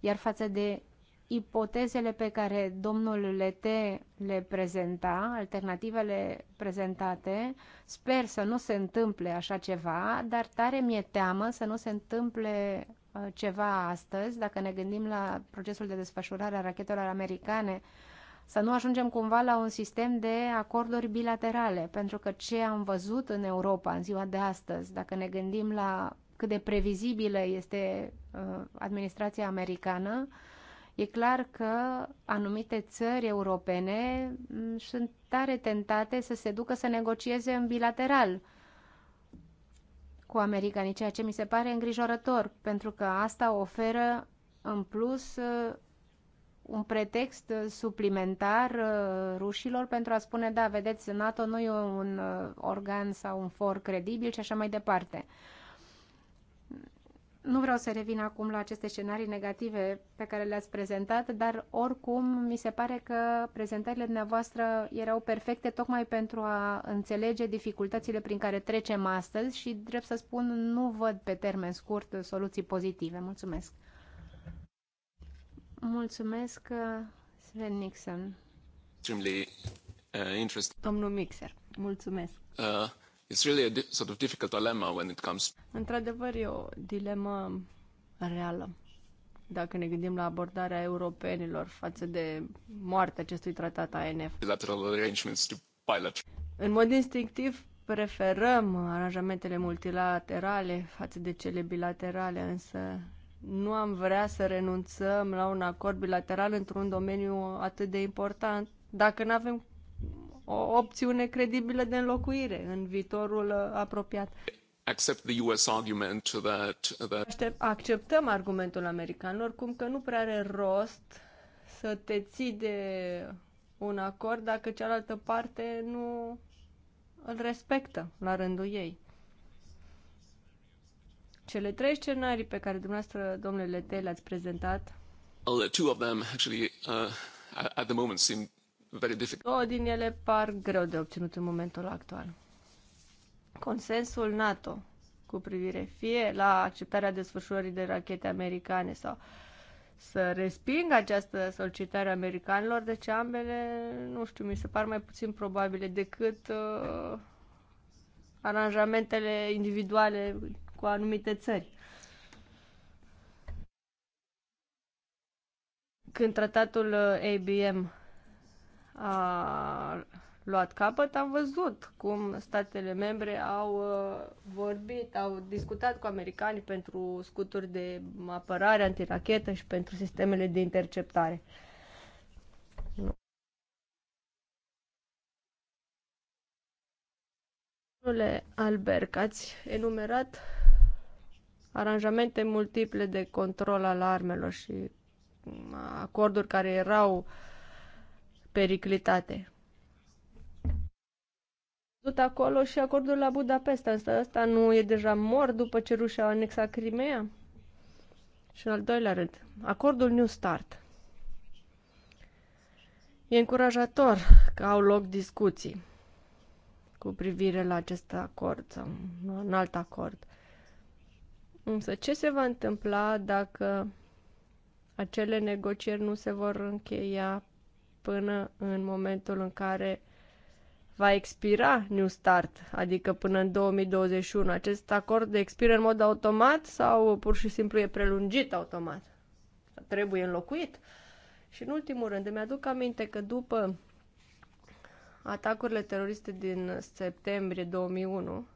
Iar față de ipotezele pe care domnul Lete le prezenta, alternativele prezentate, sper să nu se întâmple așa ceva, dar tare mi-e teamă să nu se întâmple uh, ceva astăzi, dacă ne gândim la procesul de desfășurare a rachetelor americane să nu ajungem cumva la un sistem de acorduri bilaterale, pentru că ce am văzut în Europa în ziua de astăzi, dacă ne gândim la cât de previzibilă este uh, administrația americană, e clar că anumite țări europene mm, sunt tare tentate să se ducă să negocieze în bilateral cu americanii, ceea ce mi se pare îngrijorător, pentru că asta oferă în plus uh, un pretext suplimentar uh, rușilor pentru a spune, da, vedeți, NATO nu e un uh, organ sau un for credibil și așa mai departe. Nu vreau să revin acum la aceste scenarii negative pe care le-ați prezentat, dar oricum mi se pare că prezentările dumneavoastră erau perfecte tocmai pentru a înțelege dificultățile prin care trecem astăzi și, drept să spun, nu văd pe termen scurt soluții pozitive. Mulțumesc! Mulțumesc, Sven Nixon. Extremely uh, interesting. Domnul Mixer, mulțumesc. Uh, it's really a sort of difficult dilemma when it comes. Într-adevăr, e o dilemă reală. Dacă ne gândim la abordarea europenilor față de moartea acestui tratat ANF. Bilateral arrangements to bilateral. În mod instinctiv, preferăm aranjamentele multilaterale față de cele bilaterale, însă nu am vrea să renunțăm la un acord bilateral într-un domeniu atât de important dacă nu avem o opțiune credibilă de înlocuire în viitorul uh, apropiat. Accept the US argument that, that... Acceptăm argumentul americanilor cum că nu prea are rost să te ții de un acord dacă cealaltă parte nu îl respectă la rândul ei. Cele trei scenarii pe care dumneavoastră, domnule Lete, le-ați prezentat. Well, two of them actually uh, at the moment seem very difficult. Două din ele par greu de obținut în momentul actual. Consensul NATO cu privire fie la acceptarea desfășurării de rachete americane sau să resping această solicitare americanilor, deci ambele, nu știu, mi se par mai puțin probabile decât uh, aranjamentele individuale cu anumite țări. Când tratatul uh, ABM a luat capăt, am văzut cum statele membre au uh, vorbit, au discutat cu americanii pentru scuturi de apărare antirachetă și pentru sistemele de interceptare. Domnule Albert, ați enumerat aranjamente multiple de control al armelor și mm, acorduri care erau periclitate. Tot acolo și acordul la Budapesta, însă ăsta nu e deja mort după ce rușii a anexat Crimea? Și în al doilea rând, acordul New Start. E încurajator că au loc discuții cu privire la acest acord sau un alt acord. Însă ce se va întâmpla dacă acele negocieri nu se vor încheia până în momentul în care va expira New Start, adică până în 2021. Acest acord expiră în mod automat sau pur și simplu e prelungit automat? Trebuie înlocuit? Și în ultimul rând, îmi aduc aminte că după atacurile teroriste din septembrie 2001,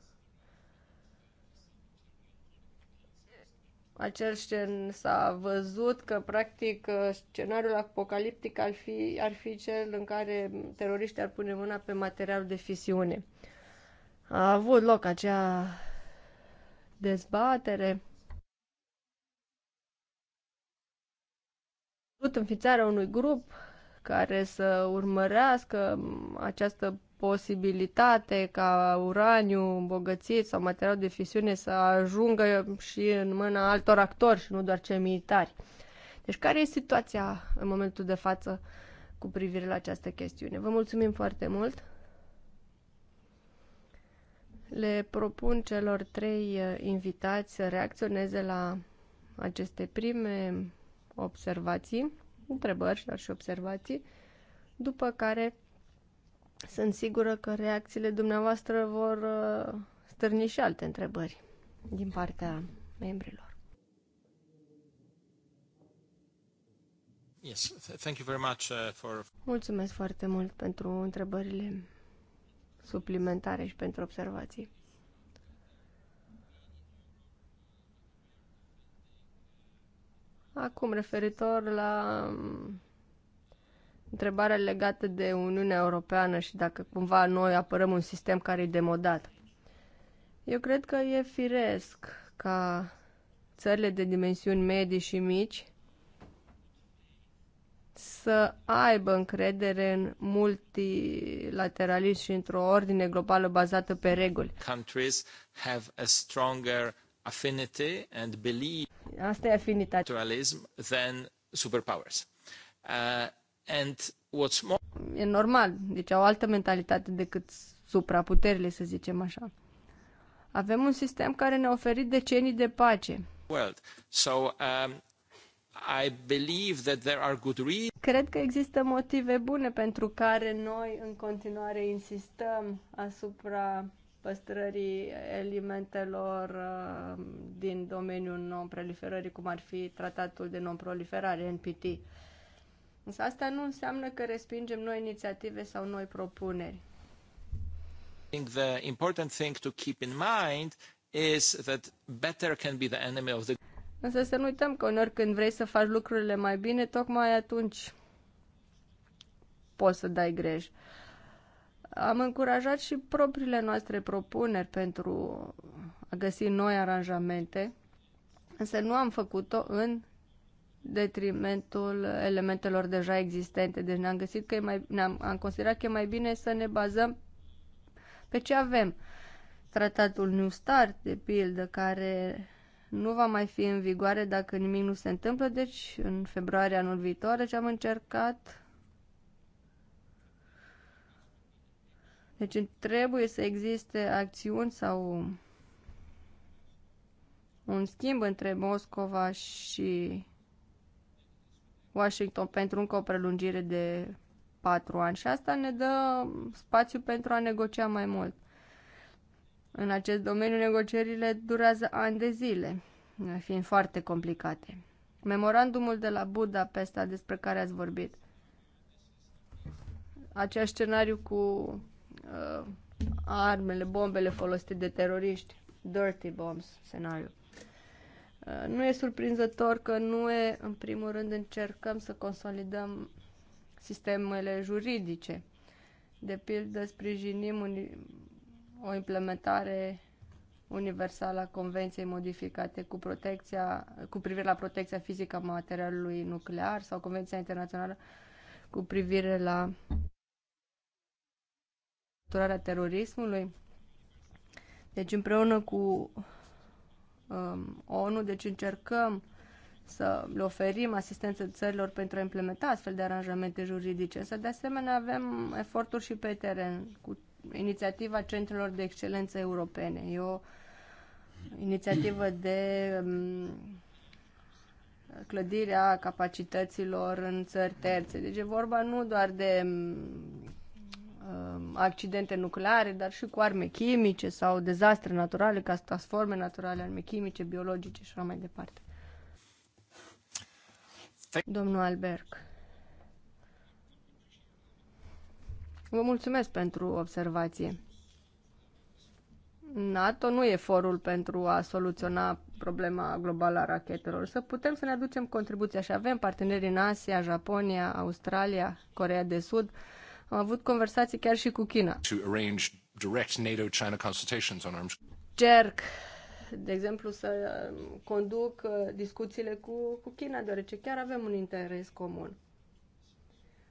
acel scen s-a văzut că practic scenariul apocaliptic ar fi, ar fi cel în care teroriștii ar pune mâna pe material de fisiune. A avut loc acea dezbatere. avut înființarea unui grup care să urmărească această posibilitate ca uraniu îmbogățit sau material de fisiune să ajungă și în mâna altor actori și nu doar cei militari. Deci care e situația în momentul de față cu privire la această chestiune? Vă mulțumim foarte mult! Le propun celor trei uh, invitați să reacționeze la aceste prime observații, întrebări, dar și observații, după care sunt sigură că reacțiile dumneavoastră vor uh, stârni și alte întrebări din partea membrilor. Yes, thank you very much uh, for... Mulțumesc foarte mult pentru întrebările suplimentare și pentru observații. Acum, referitor la um, întrebare legată de Uniunea Europeană și dacă cumva noi apărăm un sistem care e demodat. Eu cred că e firesc ca țările de dimensiuni medii și mici să aibă încredere în multilateralism și într-o ordine globală bazată pe reguli. Asta e afinitate. Than superpowers. Uh, And what's more... E normal, deci au altă mentalitate decât supraputerile, să zicem așa. Avem un sistem care ne-a oferit decenii de pace. World. So, um, I believe that there are good reasons. Cred că există motive bune pentru care noi în continuare insistăm asupra păstrării elementelor uh, din domeniul non-proliferării, cum ar fi tratatul de non-proliferare, NPT. Însă asta nu înseamnă că respingem noi inițiative sau noi propuneri. The important thing to keep in mind is that better can be the enemy of the... Însă să nu uităm că uneori când vrei să faci lucrurile mai bine, tocmai atunci poți să dai greș. Am încurajat și propriile noastre propuneri pentru a găsi noi aranjamente, însă nu am făcut-o în detrimentul elementelor deja existente. Deci ne-am găsit că e mai, ne-am am considerat că e mai bine să ne bazăm pe ce avem. Tratatul New Start, de pildă, care nu va mai fi în vigoare dacă nimic nu se întâmplă, deci în februarie anul viitor, deci am încercat Deci trebuie să existe acțiuni sau un schimb între Moscova și Washington pentru încă o prelungire de patru ani și asta ne dă spațiu pentru a negocia mai mult. În acest domeniu negocierile durează ani de zile, fiind foarte complicate. Memorandumul de la Budapesta despre care ați vorbit, Acest scenariu cu uh, armele, bombele folosite de teroriști, dirty bombs scenariu. Uh, nu e surprinzător că nu e, în primul rând, încercăm să consolidăm sistemele juridice. De pildă, sprijinim un, o implementare universală a Convenției modificate cu, protecția, cu privire la protecția fizică a materialului nuclear sau Convenția Internațională cu privire la terorismului. Deci împreună cu Um, ONU, deci încercăm să le oferim asistență țărilor pentru a implementa astfel de aranjamente juridice. Însă, de asemenea, avem eforturi și pe teren cu inițiativa Centrelor de Excelență Europene. E o inițiativă de um, clădirea capacităților în țări terțe. Deci e vorba nu doar de um, Um, accidente nucleare, dar și cu arme chimice sau dezastre naturale, ca transforme naturale, arme chimice, biologice și așa mai departe. Domnul Alberg. Vă mulțumesc pentru observație. NATO nu e forul pentru a soluționa problema globală a rachetelor, să putem să ne aducem contribuția și avem parteneri în Asia, Japonia, Australia, Corea de Sud, am avut conversații chiar și cu China. Cerc, de exemplu, să um, conduc uh, discuțiile cu, cu China, deoarece chiar avem un interes comun.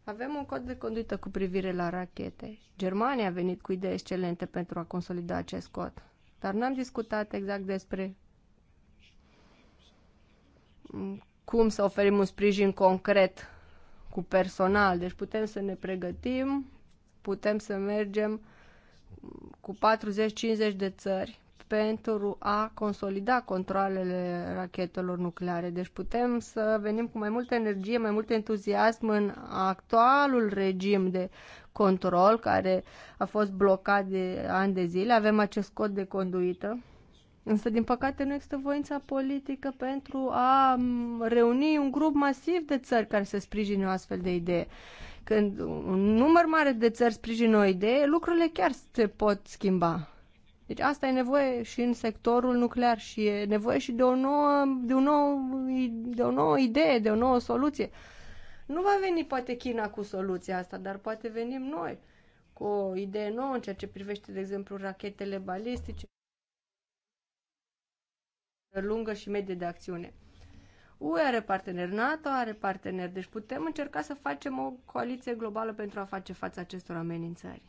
Avem un cod de conduită cu privire la rachete. Germania a venit cu idei excelente pentru a consolida acest cod. Dar n-am discutat exact despre mm, cum să oferim un sprijin concret cu personal. Deci putem să ne pregătim, putem să mergem cu 40-50 de țări pentru a consolida controlele rachetelor nucleare. Deci putem să venim cu mai multă energie, mai mult entuziasm în actualul regim de control care a fost blocat de ani de zile. Avem acest cod de conduită Însă, din păcate, nu există voința politică pentru a reuni un grup masiv de țări care să sprijine o astfel de idee. Când un număr mare de țări sprijină o idee, lucrurile chiar se pot schimba. Deci asta e nevoie și în sectorul nuclear și e nevoie și de o nouă, de o nouă, de o nouă idee, de o nouă soluție. Nu va veni poate China cu soluția asta, dar poate venim noi cu o idee nouă în ceea ce privește, de exemplu, rachetele balistice lungă și medie de acțiune. UE are parteneri, NATO are parteneri, deci putem încerca să facem o coaliție globală pentru a face față acestor amenințări.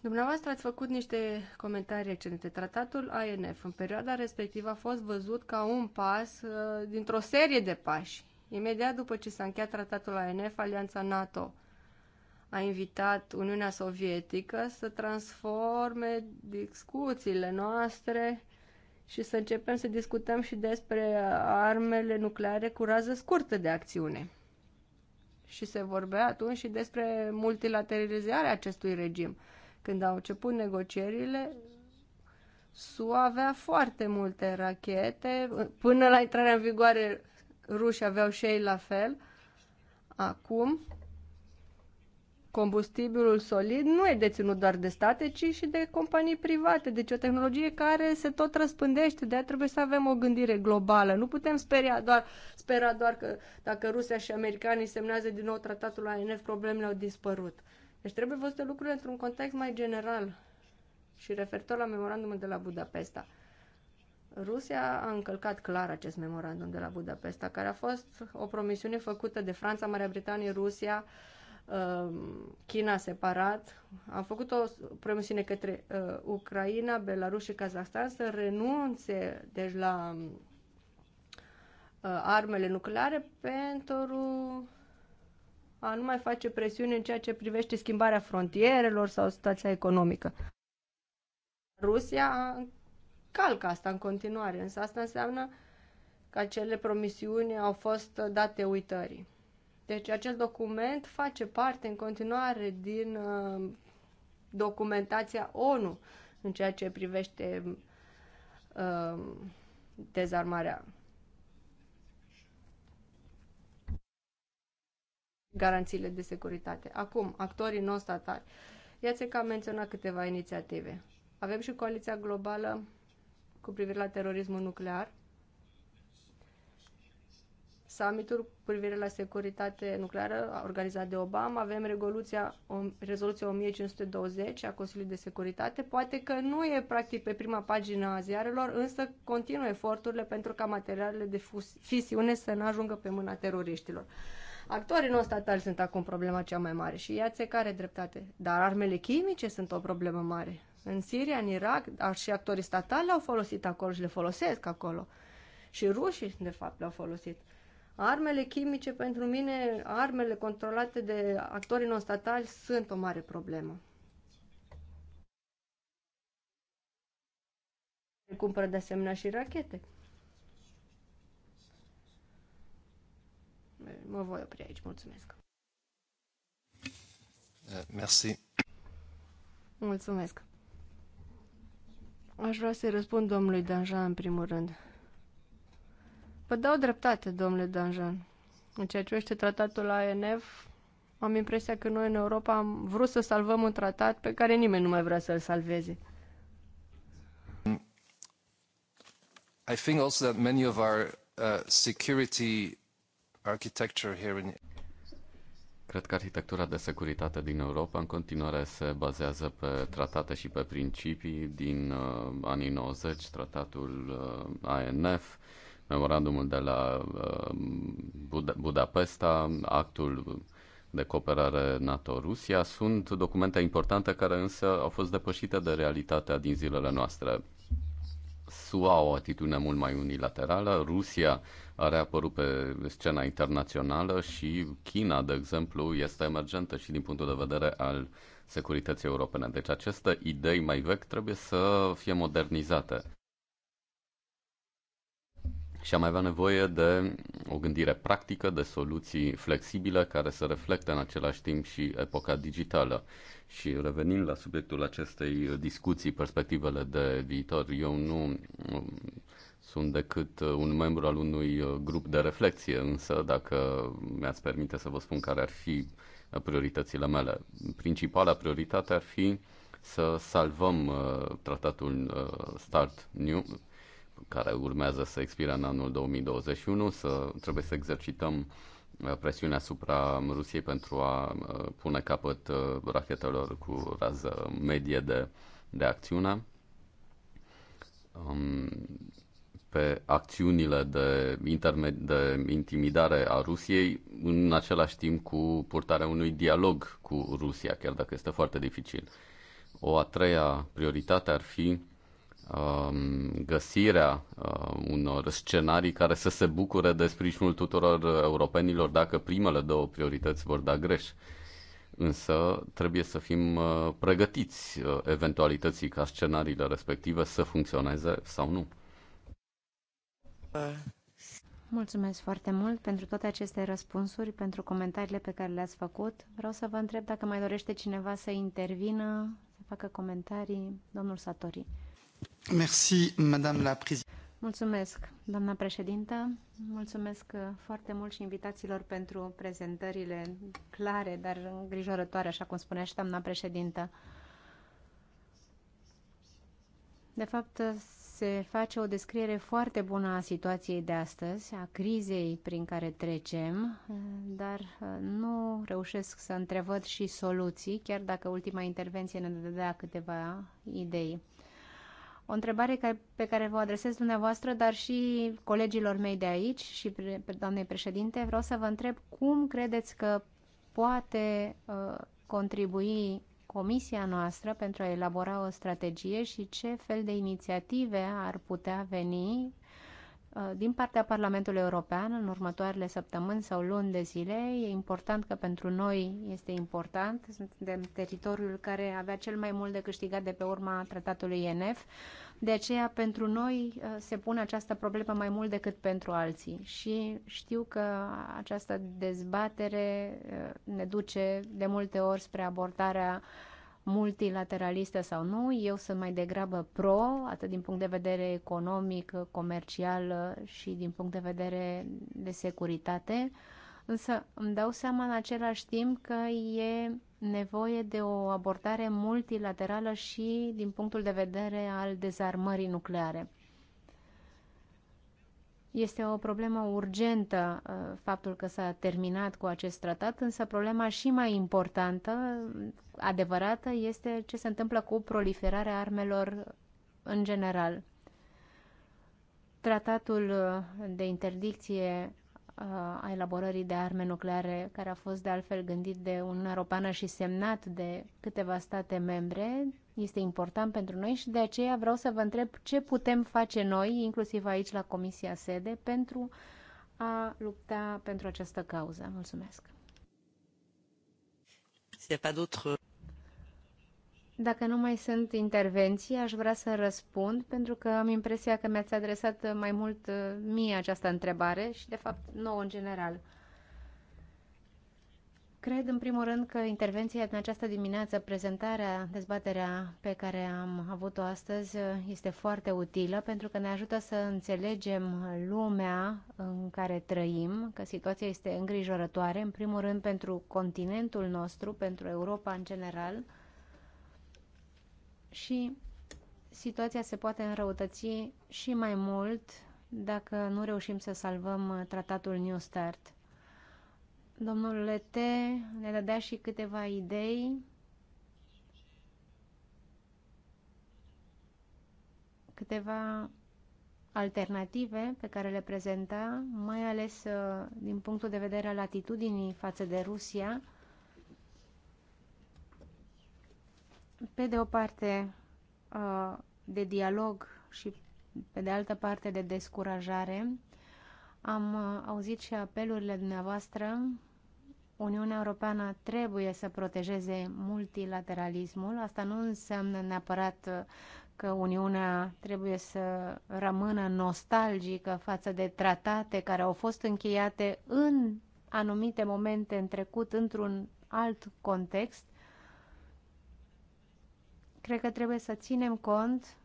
Dumneavoastră ați făcut niște comentarii recente. Tratatul ANF în perioada respectivă a fost văzut ca un pas uh, dintr-o serie de pași. Imediat după ce s-a încheiat tratatul ANF, Alianța NATO a invitat Uniunea Sovietică să transforme discuțiile noastre și să începem să discutăm și despre armele nucleare cu rază scurtă de acțiune. Și se vorbea atunci și despre multilateralizarea acestui regim. Când au început negocierile, SUA avea foarte multe rachete, până la intrarea în vigoare ruși aveau și ei la fel. Acum, combustibilul solid nu e deținut doar de state, ci și de companii private. Deci o tehnologie care se tot răspândește, de trebuie să avem o gândire globală. Nu putem speria doar, spera doar că dacă Rusia și americanii semnează din nou tratatul ANF, problemele au dispărut. Deci trebuie văzute lucrurile într-un context mai general și referitor la memorandumul de la Budapesta. Rusia a încălcat clar acest memorandum de la Budapesta, care a fost o promisiune făcută de Franța, Marea Britanie, Rusia, uh, Ehm, China separat. Am făcut o promisiune către uh, Ucraina, Belarus și Kazahstan să renunțe deci la uh, armele nucleare pentru a nu mai face presiune în ceea ce privește schimbarea frontierelor sau situația economică. Rusia calcă asta în continuare, însă asta înseamnă că acele promisiuni au fost date uitării. Deci acest document face parte în continuare din uh, documentația ONU în ceea ce privește uh, dezarmarea. garanțiile de securitate. Acum, actorii non-statali. Iați că am menționat câteva inițiative. Avem și Coaliția Globală cu privire la terorismul nuclear, summitul cu privire la securitate nucleară organizat de Obama, avem rezoluția, rezoluția 1520 a Consiliului de Securitate. Poate că nu e practic pe prima pagină a ziarelor, însă continuă eforturile pentru ca materialele de fisiune să nu ajungă pe mâna teroriștilor. Actorii non-statali sunt acum problema cea mai mare și ia care dreptate. Dar armele chimice sunt o problemă mare. În Siria, în Irak, dar și actorii statali le-au folosit acolo și le folosesc acolo. Și rușii, de fapt, le-au folosit. Armele chimice, pentru mine, armele controlate de actorii non-statali sunt o mare problemă. Cumpără de asemenea și rachete. Mă voi opri aici, mulțumesc. Eh, merci. Mulțumesc. Aș vrea să-i răspund domnului Danja în primul rând. Vă dau dreptate, domnule Danjan. În ceea ce este tratatul ANF, am impresia că noi în Europa am vrut să salvăm un tratat pe care nimeni nu mai vrea să-l salveze. I think also that many of our uh, security architecture here in Cred că arhitectura de securitate din Europa în continuare se bazează pe tratate și pe principii din uh, anii 90, tratatul uh, ANF, memorandumul de la uh, Budapesta, actul de cooperare NATO-Rusia, sunt documente importante care însă au fost depășite de realitatea din zilele noastre. SUA o atitudine mult mai unilaterală, Rusia a reapărut pe scena internațională și China, de exemplu, este emergentă și din punctul de vedere al securității europene. Deci aceste idei mai vechi trebuie să fie modernizate și am avea nevoie de o gândire practică, de soluții flexibile care să reflecte în același timp și epoca digitală. Și revenind la subiectul acestei discuții, perspectivele de viitor, eu nu sunt decât un membru al unui grup de reflexie, însă dacă mi-ați permite să vă spun care ar fi prioritățile mele. Principala prioritate ar fi să salvăm uh, tratatul uh, Start New, care urmează să expire în anul 2021, să trebuie să exercităm uh, presiunea asupra Rusiei pentru a uh, pune capăt uh, rachetelor cu rază medie de, de acțiune. Um, pe acțiunile de, de intimidare a Rusiei, în același timp cu purtarea unui dialog cu Rusia, chiar dacă este foarte dificil. O a treia prioritate ar fi Um, găsirea uh, unor scenarii care să se bucure de sprijinul tuturor europenilor dacă primele două priorități vor da greș. Însă trebuie să fim uh, pregătiți uh, eventualității ca scenariile respective să funcționeze sau nu. Mulțumesc foarte mult pentru toate aceste răspunsuri, pentru comentariile pe care le-ați făcut. Vreau să vă întreb dacă mai dorește cineva să intervină, să facă comentarii. Domnul Satori. Merci, Madame la Mulțumesc, doamna președintă. Mulțumesc uh, foarte mult și invitațiilor pentru prezentările clare, dar îngrijorătoare, așa cum spunea și doamna președintă. De fapt, uh, se face o descriere foarte bună a situației de astăzi, a crizei prin care trecem, uh, dar nu reușesc să întrevăd și soluții, chiar dacă ultima intervenție ne dădea câteva idei. O întrebare pe care vă adresez dumneavoastră, dar și colegilor mei de aici și pre, doamnei președinte, vreau să vă întreb cum credeți că poate uh, contribui comisia noastră pentru a elabora o strategie și ce fel de inițiative ar putea veni Uh, din partea Parlamentului European în următoarele săptămâni sau luni de zile. E important că pentru noi este important. Suntem teritoriul care avea cel mai mult de câștigat de pe urma tratatului INF. De aceea, pentru noi uh, se pune această problemă mai mult decât pentru alții. Și știu că această dezbatere uh, ne duce de multe ori spre abordarea uh, multilateralistă sau nu, eu sunt mai degrabă pro, atât din punct de vedere economic, comercial și din punct de vedere de securitate, însă îmi dau seama în același timp că e nevoie de o abordare multilaterală și din punctul de vedere al dezarmării nucleare. Este o problemă urgentă uh, faptul că s-a terminat cu acest tratat, însă problema și mai importantă, adevărată, este ce se întâmplă cu proliferarea armelor în general. Tratatul uh, de interdicție uh, a elaborării de arme nucleare, care a fost de altfel gândit de Uniunea Europeană și semnat de câteva state membre, este important pentru noi și de aceea vreau să vă întreb ce putem face noi, inclusiv aici la Comisia Sede, pentru a lupta pentru această cauză. Mulțumesc! Dacă nu mai sunt intervenții, aș vrea să răspund, pentru că am impresia că mi-ați adresat mai mult uh, mie această întrebare și, de fapt, nouă în general. Cred, în primul rând, că intervenția din această dimineață, prezentarea, dezbaterea pe care am avut-o astăzi, este foarte utilă pentru că ne ajută să înțelegem lumea în care trăim, că situația este îngrijorătoare, în primul rând pentru continentul nostru, pentru Europa în general și situația se poate înrăutăți și mai mult dacă nu reușim să salvăm tratatul New Start Domnul Lete ne dădea și câteva idei. Câteva alternative pe care le prezenta, mai ales uh, din punctul de vedere al atitudinii față de Rusia. Pe de o parte uh, de dialog și pe de altă parte de descurajare, am uh, auzit și apelurile dumneavoastră Uniunea Europeană trebuie să protejeze multilateralismul. Asta nu înseamnă neapărat uh, că Uniunea trebuie să rămână nostalgică față de tratate care au fost încheiate în anumite momente în trecut, într-un alt context. Cred că trebuie să ținem cont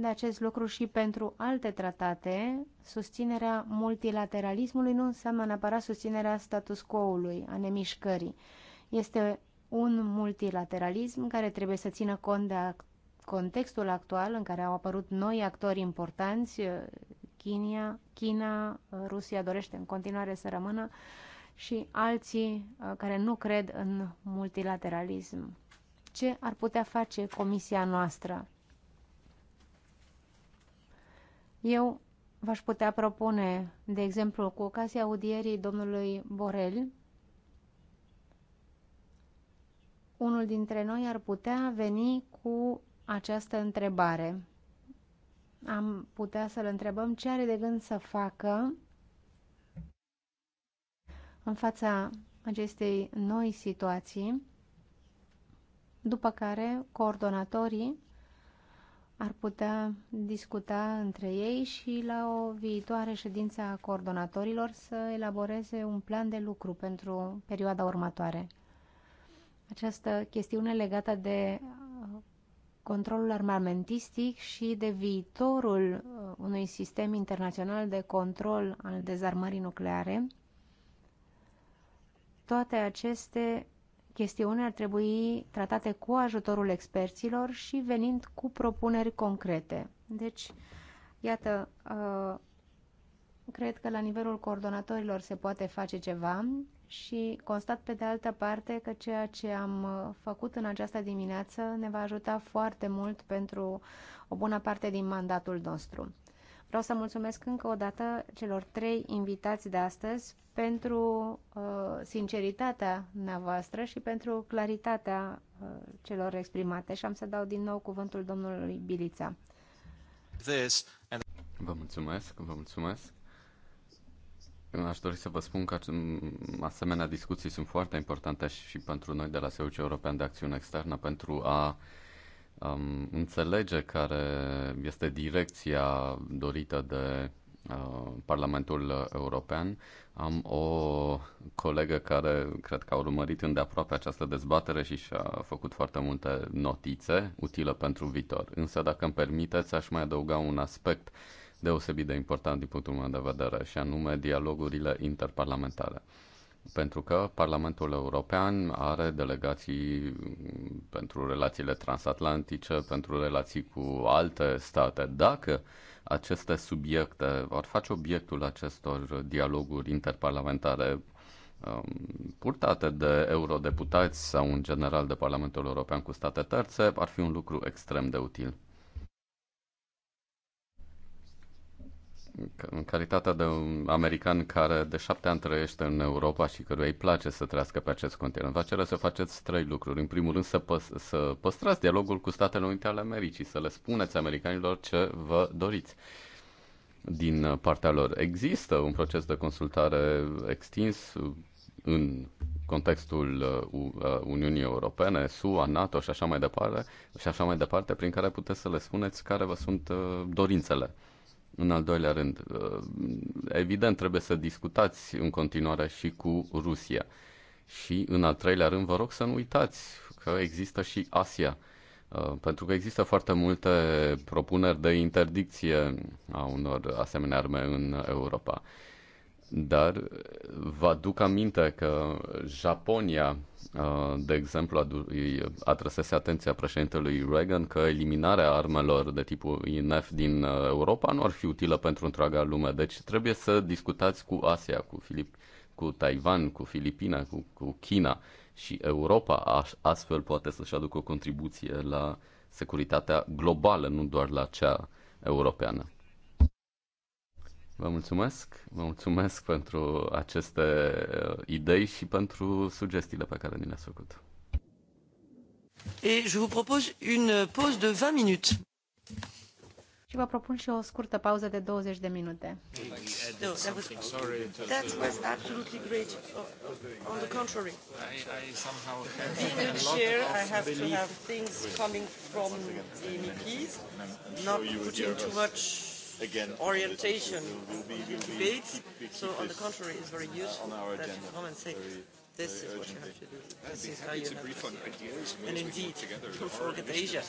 de acest lucru și pentru alte tratate, susținerea multilateralismului nu înseamnă neapărat susținerea status quo-ului, a nemișcării. Este un multilateralism care trebuie să țină cont de contextul actual în care au apărut noi actori importanți, uh, China, China, uh, Rusia dorește în continuare să rămână și alții uh, care nu cred în multilateralism. Ce ar putea face comisia noastră? Eu v-aș putea propune, de exemplu, cu ocazia audierii domnului Borel, unul dintre noi ar putea veni cu această întrebare. Am putea să-l întrebăm ce are de gând să facă în fața acestei noi situații, după care coordonatorii ar putea discuta între ei și la o viitoare ședință a coordonatorilor să elaboreze un plan de lucru pentru perioada următoare. Această chestiune legată de uh, controlul armamentistic și de viitorul uh, unui sistem internațional de control al dezarmării nucleare, toate aceste chestiuni ar trebui tratate cu ajutorul experților și venind cu propuneri concrete. Deci, iată, uh, cred că la nivelul coordonatorilor se poate face ceva și constat pe de altă parte că ceea ce am uh, făcut în această dimineață ne va ajuta foarte mult pentru o bună parte din mandatul nostru. Vreau să mulțumesc încă o dată celor trei invitați de astăzi pentru uh, sinceritatea dumneavoastră și pentru claritatea uh, celor exprimate și am să dau din nou cuvântul domnului Bilița. Vă mulțumesc, vă mulțumesc. Aș dori să vă spun că asemenea discuții sunt foarte importante și pentru noi de la Serviciul European de Acțiune Externă pentru a uh, um, înțelege care este direcția dorită de uh, Parlamentul European. Am o colegă care cred că a urmărit îndeaproape această dezbatere și și-a făcut foarte multe notițe utile pentru viitor. Însă, dacă îmi permiteți, aș mai adăuga un aspect deosebit de important din punctul meu de vedere, și anume dialogurile interparlamentare pentru că Parlamentul European are delegații pentru relațiile transatlantice, pentru relații cu alte state. Dacă aceste subiecte vor face obiectul acestor dialoguri interparlamentare um, purtate de eurodeputați sau în general de Parlamentul European cu state terțe, ar fi un lucru extrem de util. în calitatea de un american care de șapte ani trăiește în Europa și căruia îi place să trăiască pe acest continent, vă cere să faceți trei lucruri. În primul rând, să, păs- să păstrați dialogul cu Statele Unite ale Americii, să le spuneți americanilor ce vă doriți din partea lor. Există un proces de consultare extins în contextul uh, uh, Uniunii Europene, SUA, NATO și așa mai departe, și așa mai departe, prin care puteți să le spuneți care vă sunt uh, dorințele în al doilea rând, uh, evident, trebuie să discutați în continuare și cu Rusia. Și în al treilea rând, vă rog să nu uitați că există și Asia. Uh, pentru că există foarte multe propuneri de interdicție a unor asemenea arme în Europa. Dar uh, vă aduc aminte că Japonia, uh, de exemplu, atrăsese atenția președintelui Reagan că eliminarea armelor de tipul INF din uh, Europa nu ar fi utilă pentru întreaga lume. Deci trebuie să discutați cu Asia, cu, Filip, cu Taiwan, cu Filipina, cu, cu China și Europa astfel poate să-și aducă o contribuție la securitatea globală, nu doar la cea europeană. Vă mulțumesc, vă mulțumesc pentru aceste uh, idei și pentru sugestiile pe care ni le-ați făcut. Et je vous propose une pause de 20 minutes. Și vă propun și o scurtă pauză de 20 de minute. No, that was, that was absolutely great. Oh, on the contrary. I, I somehow Being a chair, I have to have things coming from the MEPs, not putting too much again orientation debate. so on the contrary, it's very useful on our that you come and say, very, this very is what you have to do. This is how you have to and, indeed, don't forget Asia.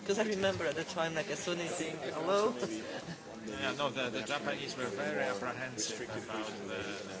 Because I remember at the time, like, as saying, hello. Yeah, no, the, the Japanese were very apprehensive about the...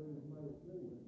mai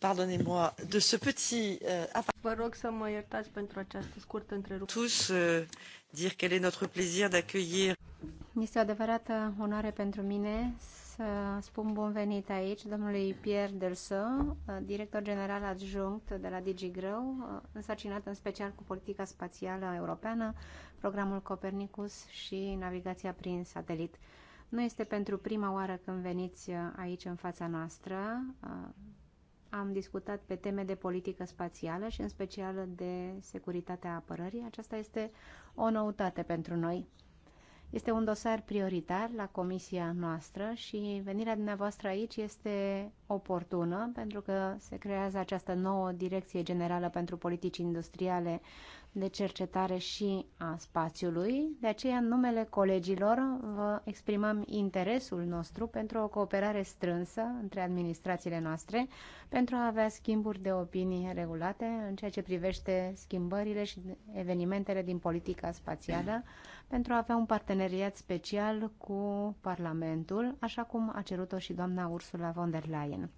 pardonnez-moi, de ce petit euh, Vă rog să mă iertați pentru această scurtă întrerupere. Tous euh, dire quel est notre plaisir d'accueillir. Este o adevărată onoare pentru mine să spun bun venit aici domnului Pierre Delso, uh, director general adjunct de la DigiGrow, uh, însărcinat în special cu politica spațială europeană, programul Copernicus și navigația prin satelit. Nu este pentru prima oară când veniți uh, aici în fața noastră am discutat pe teme de politică spațială și în special de securitatea apărării. Aceasta este o noutate pentru noi. Este un dosar prioritar la comisia noastră și venirea dumneavoastră aici este oportună pentru că se creează această nouă direcție generală pentru politici industriale de cercetare și a spațiului. De aceea, în numele colegilor, vă exprimăm interesul nostru pentru o cooperare strânsă între administrațiile noastre, pentru a avea schimburi de opinii regulate în ceea ce privește schimbările și evenimentele din politica spațială, pentru a avea un parteneriat special cu Parlamentul, așa cum a cerut-o și doamna Ursula von der Leyen.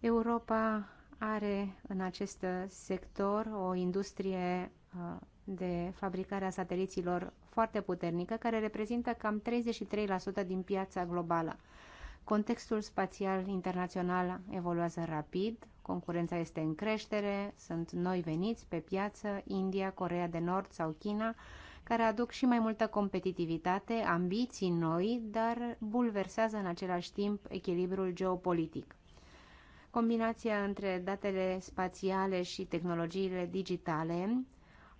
Europa are în acest sector o industrie uh, de fabricare a sateliților foarte puternică, care reprezintă cam 33% din piața globală. Contextul spațial internațional evoluează rapid, concurența este în creștere, sunt noi veniți pe piață, India, Corea de Nord sau China, care aduc și mai multă competitivitate, ambiții noi, dar bulversează în același timp echilibrul geopolitic. Combinația între datele spațiale și tehnologiile digitale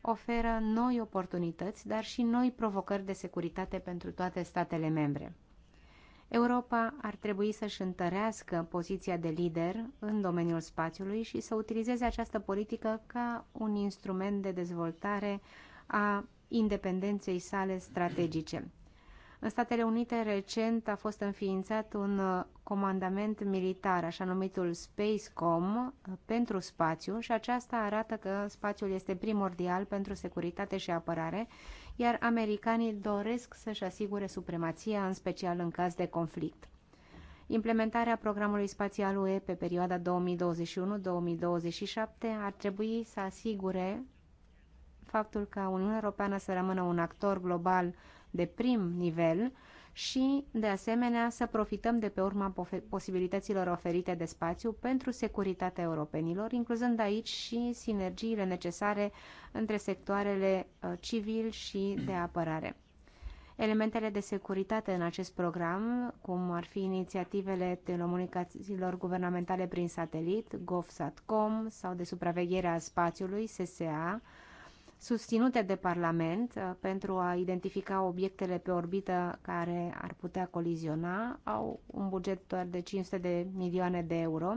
oferă noi oportunități, dar și noi provocări de securitate pentru toate statele membre. Europa ar trebui să-și întărească poziția de lider în domeniul spațiului și să utilizeze această politică ca un instrument de dezvoltare a independenței sale strategice. În Statele Unite recent a fost înființat un uh, comandament militar, așa numitul SpaceCom, uh, pentru spațiu și aceasta arată că spațiul este primordial pentru securitate și apărare, iar americanii doresc să-și asigure supremația, în special în caz de conflict. Implementarea programului spațial UE pe perioada 2021-2027 ar trebui să asigure faptul că Uniunea Europeană să rămână un actor global de prim nivel și, de asemenea, să profităm de pe urma posibilităților oferite de spațiu pentru securitatea europenilor, incluzând aici și sinergiile necesare între sectoarele uh, civil și de apărare. Elementele de securitate în acest program, cum ar fi inițiativele telecomunicațiilor guvernamentale prin satelit, GovSatcom sau de supraveghere a spațiului, SSA, susținute de Parlament uh, pentru a identifica obiectele pe orbită care ar putea coliziona, au un buget doar de 500 de milioane de euro,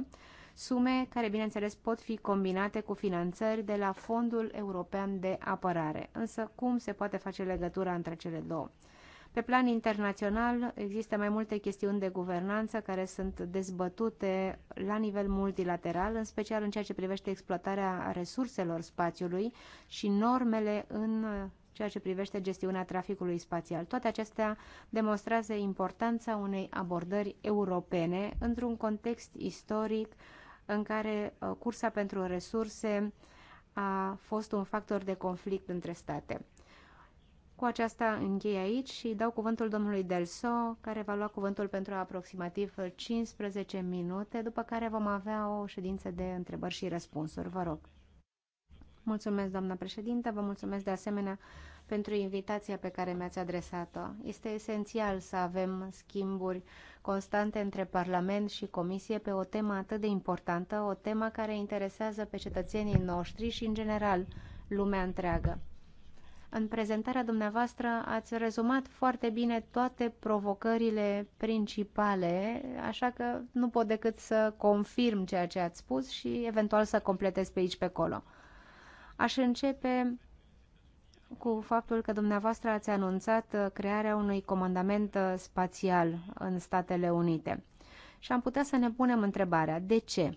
sume care, bineînțeles, pot fi combinate cu finanțări de la Fondul European de Apărare. Însă, cum se poate face legătura între cele două? Pe plan internațional există mai multe chestiuni de guvernanță care sunt dezbătute la nivel multilateral, în special în ceea ce privește exploatarea resurselor spațiului și normele în ceea ce privește gestiunea traficului spațial. Toate acestea demonstrează importanța unei abordări europene într-un context istoric în care uh, cursa pentru resurse a fost un factor de conflict între state. Cu aceasta închei aici și dau cuvântul domnului Delso, care va lua cuvântul pentru aproximativ 15 minute, după care vom avea o ședință de întrebări și răspunsuri. Vă rog. Mulțumesc, doamna președintă, vă mulțumesc de asemenea pentru invitația pe care mi-ați adresat-o. Este esențial să avem schimburi constante între Parlament și Comisie pe o temă atât de importantă, o temă care interesează pe cetățenii noștri și, în general, lumea întreagă. În prezentarea dumneavoastră ați rezumat foarte bine toate provocările principale, așa că nu pot decât să confirm ceea ce ați spus și eventual să completez pe aici pe acolo. Aș începe cu faptul că dumneavoastră ați anunțat crearea unui comandament spațial în Statele Unite. Și am putea să ne punem întrebarea, de ce?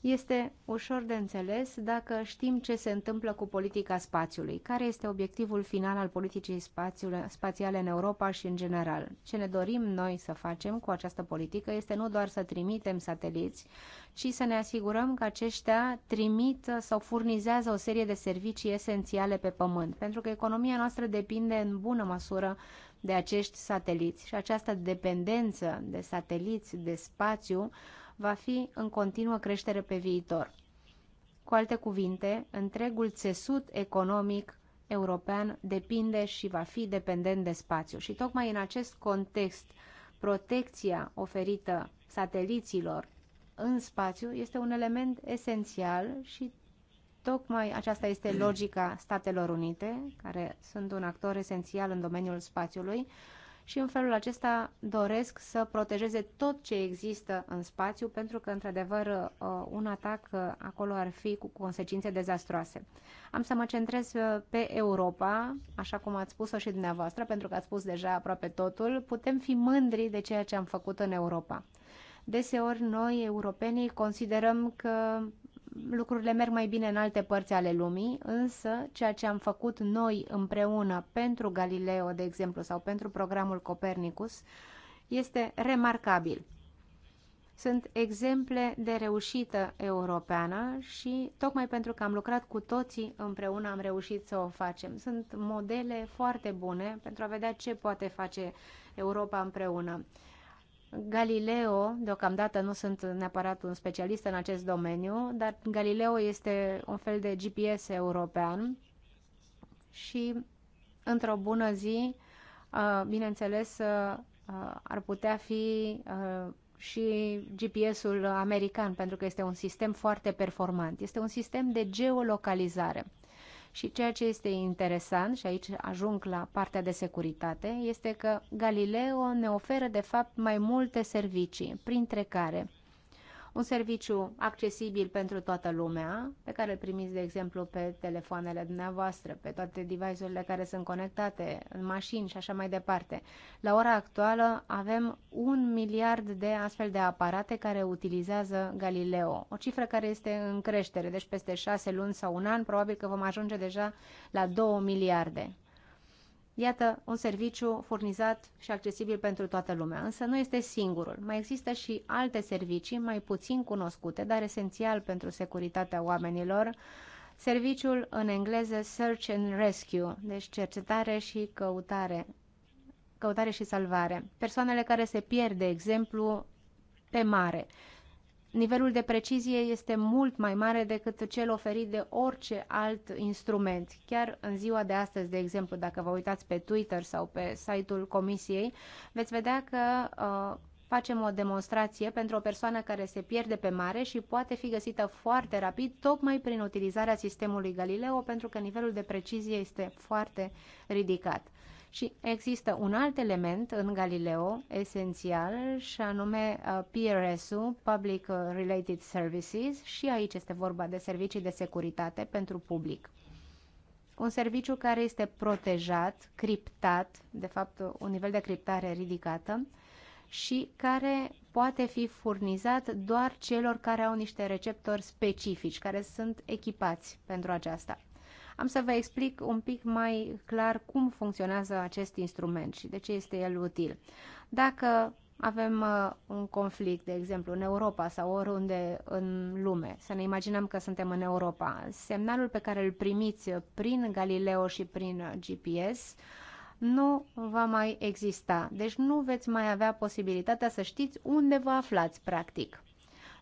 Este ușor de înțeles dacă știm ce se întâmplă cu politica spațiului, care este obiectivul final al politicii spațiale în Europa și în general. Ce ne dorim noi să facem cu această politică este nu doar să trimitem sateliți, ci să ne asigurăm că aceștia trimit sau furnizează o serie de servicii esențiale pe Pământ, pentru că economia noastră depinde în bună măsură de acești sateliți și această dependență de sateliți, de spațiu, va fi în continuă creștere pe viitor. Cu alte cuvinte, întregul țesut economic european depinde și va fi dependent de spațiu. Și tocmai în acest context, protecția oferită sateliților în spațiu este un element esențial și tocmai aceasta este logica Statelor Unite, care sunt un actor esențial în domeniul spațiului, și în felul acesta doresc să protejeze tot ce există în spațiu pentru că, într-adevăr, uh, un atac uh, acolo ar fi cu consecințe dezastroase. Am să mă centrez uh, pe Europa, așa cum ați spus-o și dumneavoastră, pentru că ați spus deja aproape totul. Putem fi mândri de ceea ce am făcut în Europa. Deseori noi, europenii, considerăm că lucrurile merg mai bine în alte părți ale lumii, însă ceea ce am făcut noi împreună pentru Galileo, de exemplu, sau pentru programul Copernicus, este remarcabil. Sunt exemple de reușită europeană și tocmai pentru că am lucrat cu toții împreună am reușit să o facem. Sunt modele foarte bune pentru a vedea ce poate face Europa împreună. Galileo, deocamdată nu sunt neapărat un specialist în acest domeniu, dar Galileo este un fel de GPS european și într-o bună zi, uh, bineînțeles, uh, ar putea fi uh, și GPS-ul american, pentru că este un sistem foarte performant. Este un sistem de geolocalizare. Și ceea ce este interesant, și aici ajung la partea de securitate, este că Galileo ne oferă de fapt mai multe servicii, printre care un serviciu accesibil pentru toată lumea, pe care îl primiți, de exemplu, pe telefoanele dumneavoastră, pe toate device-urile care sunt conectate, în mașini și așa mai departe. La ora actuală avem un miliard de astfel de aparate care utilizează Galileo, o cifră care este în creștere, deci peste șase luni sau un an probabil că vom ajunge deja la 2 miliarde. Iată, un serviciu furnizat și accesibil pentru toată lumea, însă nu este singurul. Mai există și alte servicii mai puțin cunoscute, dar esențial pentru securitatea oamenilor, serviciul în engleză Search and Rescue, deci cercetare și căutare, căutare și salvare. Persoanele care se pierd, de exemplu, pe mare nivelul de precizie este mult mai mare decât cel oferit de orice alt instrument. Chiar în ziua de astăzi, de exemplu, dacă vă uitați pe Twitter sau pe site-ul Comisiei, veți vedea că uh, facem o demonstrație pentru o persoană care se pierde pe mare și poate fi găsită foarte rapid, tocmai prin utilizarea sistemului Galileo, pentru că nivelul de precizie este foarte ridicat. Și există un alt element în Galileo esențial și anume uh, PRS-ul, Public uh, Related Services, și aici este vorba de servicii de securitate pentru public. Un serviciu care este protejat, criptat, de fapt uh, un nivel de criptare ridicată, și care poate fi furnizat doar celor care au niște receptori specifici, care sunt echipați pentru aceasta. Am să vă explic un pic mai clar cum funcționează acest instrument și de ce este el util. Dacă avem uh, un conflict, de exemplu, în Europa sau oriunde în lume, să ne imaginăm că suntem în Europa, semnalul pe care îl primiți prin Galileo și prin GPS nu va mai exista. Deci nu veți mai avea posibilitatea să știți unde vă aflați, practic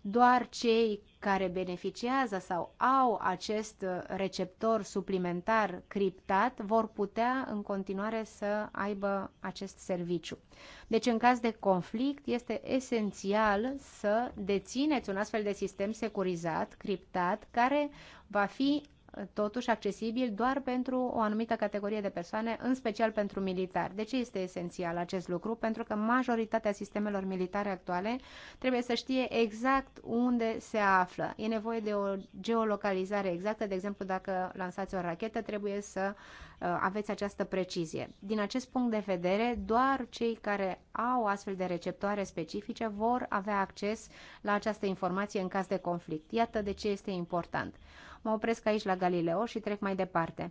doar cei care beneficiază sau au acest receptor suplimentar criptat vor putea în continuare să aibă acest serviciu. Deci în caz de conflict este esențial să dețineți un astfel de sistem securizat, criptat, care va fi totuși accesibil doar pentru o anumită categorie de persoane, în special pentru militari. De ce este esențial acest lucru? Pentru că majoritatea sistemelor militare actuale trebuie să știe exact unde se află. E nevoie de o geolocalizare exactă, de exemplu, dacă lansați o rachetă, trebuie să uh, aveți această precizie. Din acest punct de vedere, doar cei care au astfel de receptoare specifice vor avea acces la această informație în caz de conflict. Iată de ce este important. Mă opresc aici la Galileo și trec mai departe.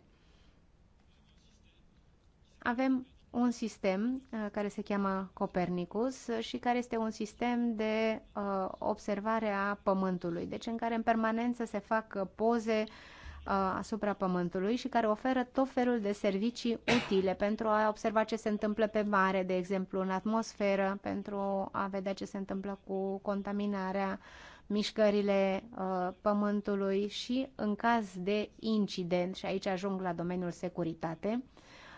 Avem un sistem uh, care se cheamă Copernicus și care este un sistem de uh, observare a Pământului, deci în care în permanență se fac uh, poze asupra Pământului și care oferă tot felul de servicii utile pentru a observa ce se întâmplă pe mare, de exemplu, în atmosferă, pentru a vedea ce se întâmplă cu contaminarea uh, mișcările uh, pământului și în caz de incident, și aici ajung la domeniul securitate,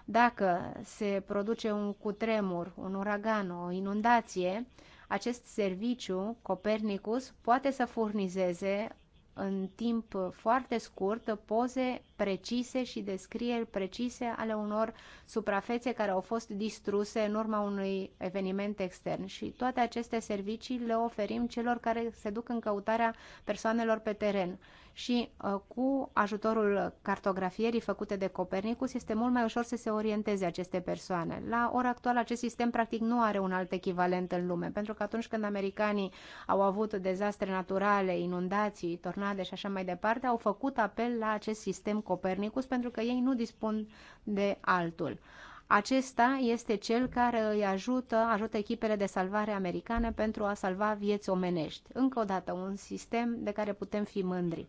dacă se produce un cutremur, un uragan, o inundație, acest serviciu, Copernicus, poate să furnizeze în timp foarte scurt poze precise și descrieri precise ale unor suprafețe care au fost distruse în urma unui eveniment extern. Și toate aceste servicii le oferim celor care se duc în căutarea persoanelor pe teren și uh, cu ajutorul cartografierii făcute de Copernicus este mult mai ușor să se orienteze aceste persoane. La ora actuală acest sistem practic nu are un alt echivalent în lume, pentru că atunci când americanii au avut dezastre naturale, inundații, tornade și așa mai departe, au făcut apel la acest sistem Copernicus pentru că ei nu dispun de altul. Acesta este cel care îi ajută, ajută echipele de salvare americane pentru a salva vieți omenești. Încă o dată, un sistem de care putem fi mândri.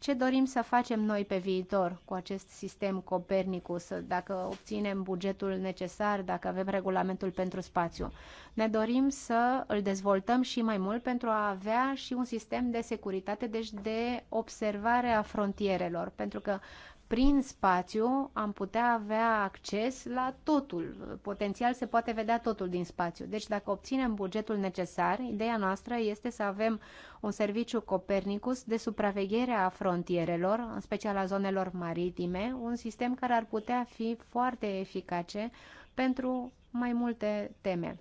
Ce dorim să facem noi pe viitor cu acest sistem Copernicus, dacă obținem bugetul necesar, dacă avem regulamentul pentru spațiu? Ne dorim să îl dezvoltăm și mai mult pentru a avea și un sistem de securitate, deci de observare a frontierelor, pentru că prin spațiu am putea avea acces la totul. Potențial se poate vedea totul din spațiu. Deci dacă obținem bugetul necesar, ideea noastră este să avem un serviciu Copernicus de supraveghere a frontierelor, în special a zonelor maritime, un sistem care ar putea fi foarte eficace pentru mai multe teme.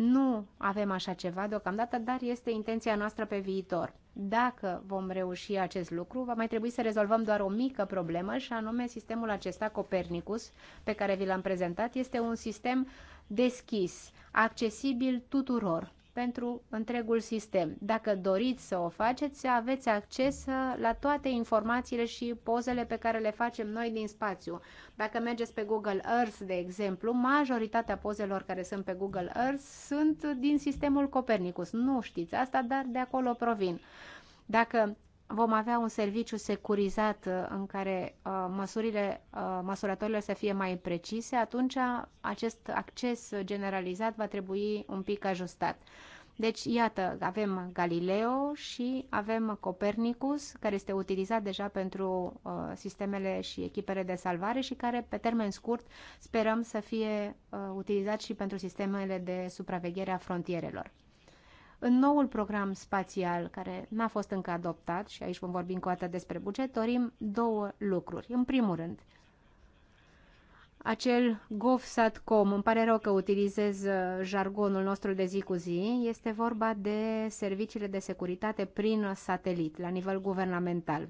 Nu avem așa ceva deocamdată, dar este intenția noastră pe viitor. Dacă vom reuși acest lucru, va mai trebui să rezolvăm doar o mică problemă și anume sistemul acesta Copernicus pe care vi l-am prezentat este un sistem deschis, accesibil tuturor pentru întregul sistem. Dacă doriți să o faceți, aveți acces la toate informațiile și pozele pe care le facem noi din spațiu. Dacă mergeți pe Google Earth, de exemplu, majoritatea pozelor care sunt pe Google Earth sunt din sistemul Copernicus. Nu știți asta, dar de acolo provin. Dacă vom avea un serviciu securizat uh, în care uh, măsurile, uh, măsurătorile să fie mai precise, atunci acest acces generalizat va trebui un pic ajustat. Deci, iată, avem Galileo și avem Copernicus, care este utilizat deja pentru uh, sistemele și echipele de salvare și care, pe termen scurt, sperăm să fie uh, utilizat și pentru sistemele de supraveghere a frontierelor. În noul program spațial, care n-a fost încă adoptat, și aici vom vorbi încă o dată despre buget, dorim două lucruri. În primul rând, acel GovSatcom, îmi pare rău că utilizez uh, jargonul nostru de zi cu zi, este vorba de serviciile de securitate prin satelit, la nivel guvernamental.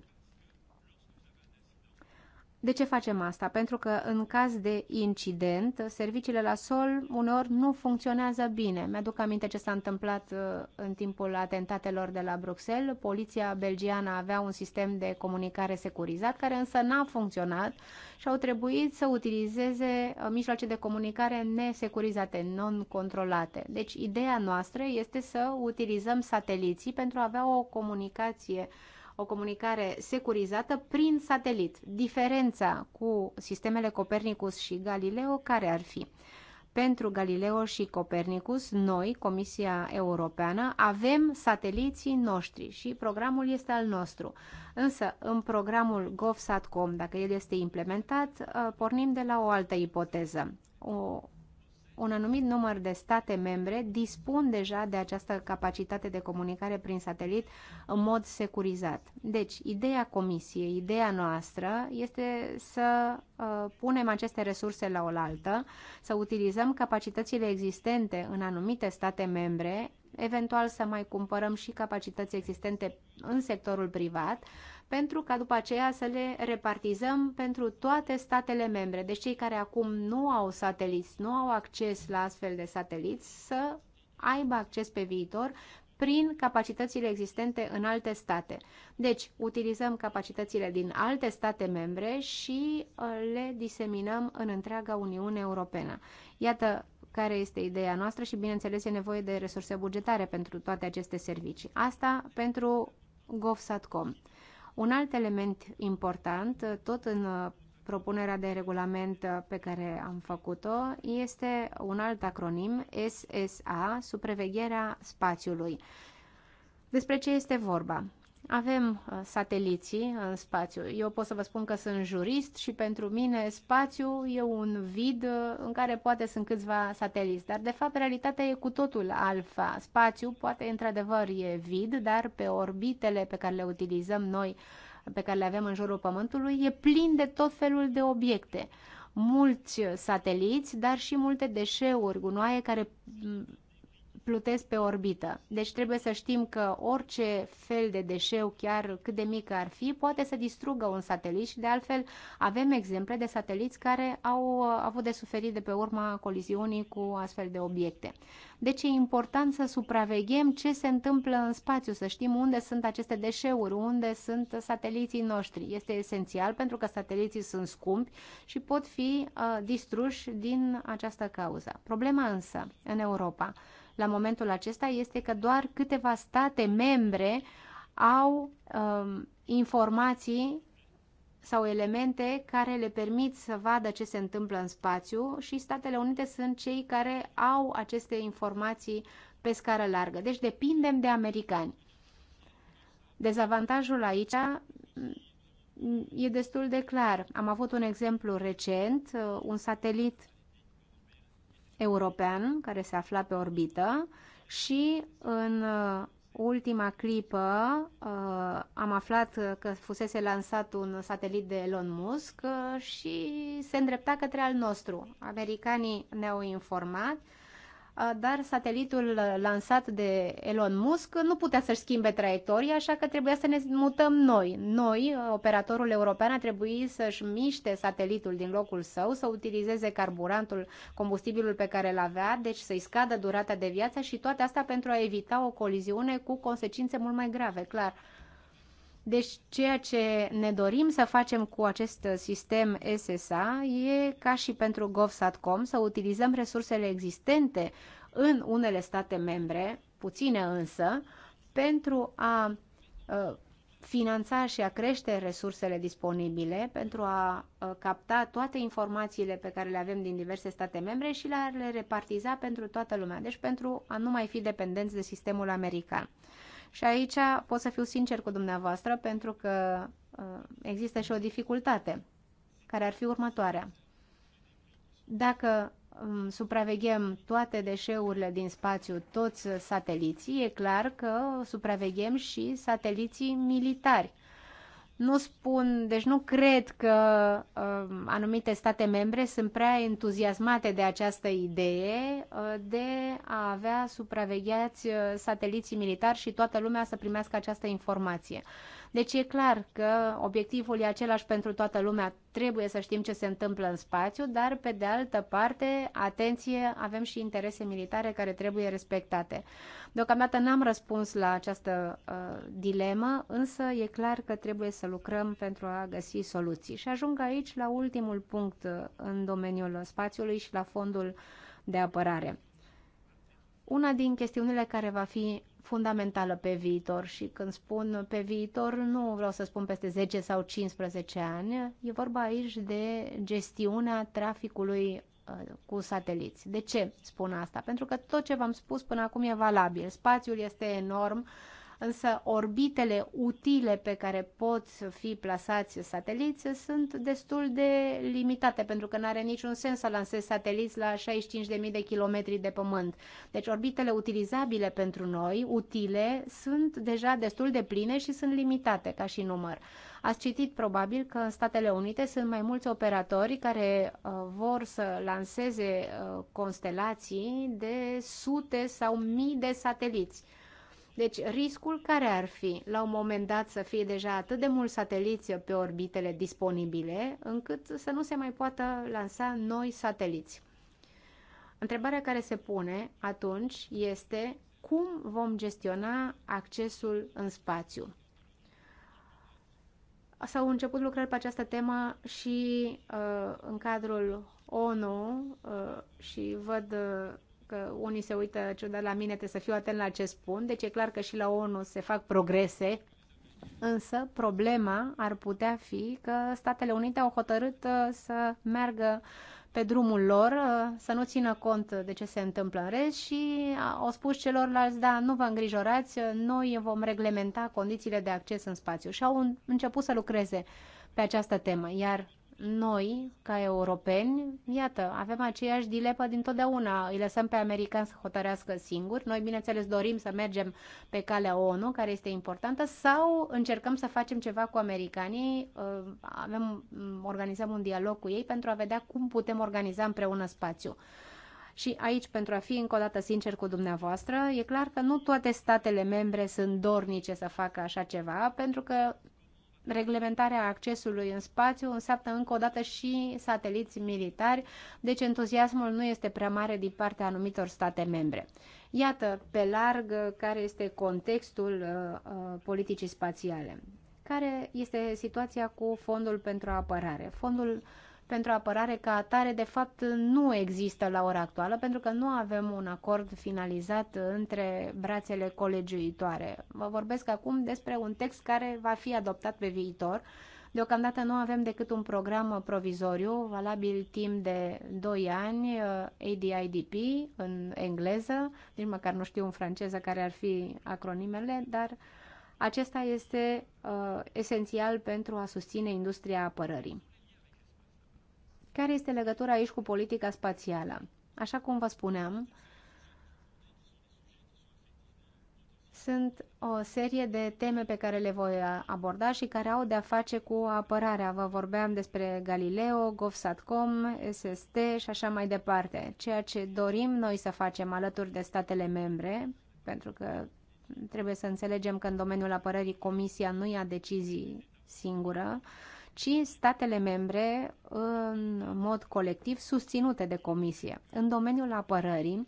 De ce facem asta? Pentru că în caz de incident, serviciile la sol uneori nu funcționează bine. Mi-aduc aminte ce s-a întâmplat uh, în timpul atentatelor de la Bruxelles. Poliția belgiană avea un sistem de comunicare securizat care însă n-a funcționat și au trebuit să utilizeze uh, mijloace de comunicare nesecurizate, non-controlate. Deci ideea noastră este să utilizăm sateliții pentru a avea o comunicație o comunicare securizată prin satelit. Diferența cu sistemele Copernicus și Galileo care ar fi? Pentru Galileo și Copernicus, noi, Comisia Europeană, avem sateliții noștri și programul este al nostru. Însă, în programul GovSatcom, dacă el este implementat, ă, pornim de la o altă ipoteză. O un anumit număr de state membre dispun deja de această capacitate de comunicare prin satelit în mod securizat. Deci, ideea comisiei, ideea noastră este să uh, punem aceste resurse la oaltă, să utilizăm capacitățile existente în anumite state membre, eventual să mai cumpărăm și capacități existente în sectorul privat, pentru ca după aceea să le repartizăm pentru toate statele membre. Deci cei care acum nu au sateliți, nu au acces la astfel de sateliți, să aibă acces pe viitor prin capacitățile existente în alte state. Deci, utilizăm capacitățile din alte state membre și uh, le diseminăm în întreaga Uniune Europeană. Iată care este ideea noastră și, bineînțeles, e nevoie de resurse bugetare pentru toate aceste servicii. Asta pentru GovSatcom. Un alt element important, tot în uh, propunerea de regulament uh, pe care am făcut-o, este un alt acronim, SSA, supravegherea spațiului. Despre ce este vorba? Avem uh, sateliții în spațiu. Eu pot să vă spun că sunt jurist și pentru mine spațiu e un vid uh, în care poate sunt câțiva sateliți, dar de fapt realitatea e cu totul alfa. Spațiu poate într-adevăr e vid, dar pe orbitele pe care le utilizăm noi, pe care le avem în jurul Pământului, e plin de tot felul de obiecte mulți uh, sateliți, dar și multe deșeuri, gunoaie care plutesc pe orbită. Deci trebuie să știm că orice fel de deșeu, chiar cât de mic ar fi, poate să distrugă un satelit și de altfel avem exemple de sateliți care au uh, avut de suferit de pe urma coliziunii cu astfel de obiecte. Deci e important să supraveghem ce se întâmplă în spațiu, să știm unde sunt aceste deșeuri, unde sunt sateliții noștri. Este esențial pentru că sateliții sunt scumpi și pot fi uh, distruși din această cauză. Problema însă în Europa la momentul acesta este că doar câteva state membre au um, informații sau elemente care le permit să vadă ce se întâmplă în spațiu și Statele Unite sunt cei care au aceste informații pe scară largă. Deci depindem de americani. Dezavantajul aici e destul de clar. Am avut un exemplu recent, uh, un satelit european care se afla pe orbită și în uh, ultima clipă uh, am aflat că fusese lansat un satelit de Elon Musk uh, și se îndrepta către al nostru. Americanii ne-au informat Ah, dar satelitul uh, lansat de Elon Musk nu putea să-și schimbe traiectoria, așa că trebuia să ne mutăm noi. Noi, uh, operatorul european, a trebuit să-și miște satelitul din locul său, să utilizeze carburantul, combustibilul pe care îl avea, deci să-i scadă durata de viață și toate asta pentru a evita o coliziune cu consecințe mult mai grave, clar. Deci ceea ce ne dorim să facem cu acest sistem SSA e ca și pentru GovSatcom să utilizăm resursele existente în unele state membre, puține însă, pentru a ă, finanța și a crește resursele disponibile pentru a ă, capta toate informațiile pe care le avem din diverse state membre și le repartiza pentru toată lumea, deci pentru a nu mai fi dependenți de sistemul american. Și aici pot să fiu sincer cu dumneavoastră pentru că uh, există și o dificultate care ar fi următoarea. Dacă um, supraveghem toate deșeurile din spațiu, toți sateliții, e clar că supraveghem și sateliții militari nu spun, deci nu cred că uh, anumite state membre sunt prea entuziasmate de această idee uh, de a avea supravegheați uh, sateliții militari și toată lumea să primească această informație. Uh, deci e clar că obiectivul e același pentru toată lumea. Trebuie să știm ce se întâmplă în spațiu, dar pe de altă parte, atenție, avem și interese militare care trebuie respectate. Deocamdată n-am răspuns la această uh, dilemă, însă e clar că trebuie să lucrăm pentru a găsi soluții. Și ajung aici la ultimul punct uh, în domeniul spațiului și la fondul de apărare. Una din chestiunile care va fi fundamentală pe viitor și când spun pe viitor nu vreau să spun peste 10 sau 15 ani, e vorba aici de gestiunea traficului uh, cu sateliți. De ce spun asta? Pentru că tot ce v-am spus până acum e valabil. Spațiul este enorm, însă orbitele utile pe care pot fi plasați sateliți sunt destul de limitate, pentru că nu are niciun sens să lansezi sateliți la 65.000 de kilometri de pământ. Deci orbitele utilizabile pentru noi, utile, sunt deja destul de pline și sunt limitate ca și număr. Ați citit probabil că în Statele Unite sunt mai mulți operatori care uh, vor să lanseze uh, constelații de sute sau mii de sateliți. Deci riscul care ar fi la un moment dat să fie deja atât de mulți sateliți pe orbitele disponibile, încât să nu se mai poată lansa noi sateliți. Întrebarea care se pune atunci este cum vom gestiona accesul în spațiu. S-au început lucrări pe această temă și uh, în cadrul ONU uh, și văd uh, că unii se uită ciudat la mine, trebuie să fiu atent la ce spun, deci e clar că și la ONU se fac progrese, însă problema ar putea fi că Statele Unite au hotărât uh, să meargă pe drumul lor, uh, să nu țină cont de ce se întâmplă în rest și uh, au spus celorlalți, da, nu vă îngrijorați, noi vom reglementa condițiile de acces în spațiu și au început să lucreze pe această temă, iar noi, ca europeni, iată, avem aceeași dilepă din totdeauna. Îi lăsăm pe americani să hotărească singuri. Noi, bineînțeles, dorim să mergem pe calea ONU, care este importantă, sau încercăm să facem ceva cu americanii, uh, avem, mm, organizăm un dialog cu ei pentru a vedea cum putem organiza împreună spațiu. Și aici, pentru a fi încă o dată sincer cu dumneavoastră, e clar că nu toate statele membre sunt dornice să facă așa ceva, pentru că reglementarea accesului în spațiu înseamnă încă o dată și sateliți militari, deci entuziasmul nu este prea mare din partea anumitor state membre. Iată, pe larg, care este contextul uh, uh politicii spațiale. Care este situația cu Fondul pentru Apărare? Fondul uh, pentru apărare ca atare, de fapt, nu există la ora actuală, pentru că nu avem un acord finalizat între brațele colegiuitoare. Vă vorbesc acum despre un text care va fi adoptat pe viitor. Deocamdată nu avem decât un program provizoriu, valabil timp de 2 ani, ADIDP, în engleză, nici măcar nu știu în franceză care ar fi acronimele, dar acesta este uh, esențial pentru a susține industria apărării. Care este legătura aici cu politica spațială? Așa cum vă spuneam, sunt o serie de teme pe care le voi aborda și care au de-a face cu apărarea. Vă vorbeam despre Galileo, GovSatcom, SST și așa mai departe. Ceea ce dorim noi să facem alături de statele membre, pentru că trebuie să înțelegem că în domeniul apărării Comisia nu ia decizii singură, uh, ci statele membre în mod colectiv susținute de comisie. În domeniul apărării,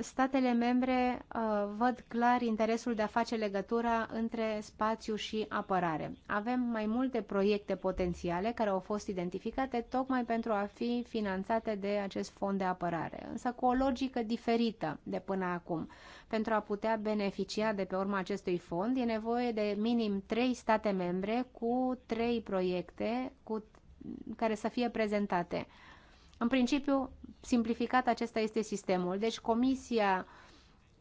statele membre uh, văd clar interesul de a face legătura între spațiu și apărare. Avem mai multe proiecte potențiale care au fost identificate tocmai pentru a fi finanțate de acest fond de apărare, însă cu o logică diferită de până acum. Pentru a putea beneficia de pe urma acestui fond, e nevoie de minim 3 state membre cu 3 proiecte cu, care să fie prezentate. Uh, în principiu, simplificat acesta este sistemul. Deci comisia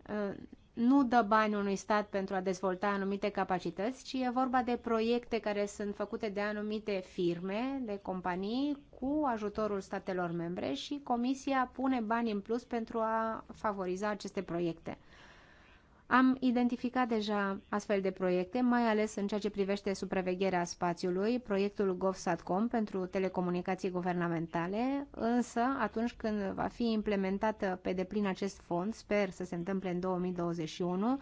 ă, nu dă bani unui stat pentru a dezvolta anumite capacități, ci e vorba de proiecte care sunt făcute de anumite firme, de companii, cu ajutorul statelor membre și Comisia pune bani în plus pentru a favoriza aceste proiecte. Am identificat deja astfel de proiecte, mai ales în ceea ce privește supravegherea spațiului, proiectul GovSatcom pentru telecomunicații guvernamentale, însă atunci când va fi implementat pe deplin acest fond, sper să se întâmple în 2021,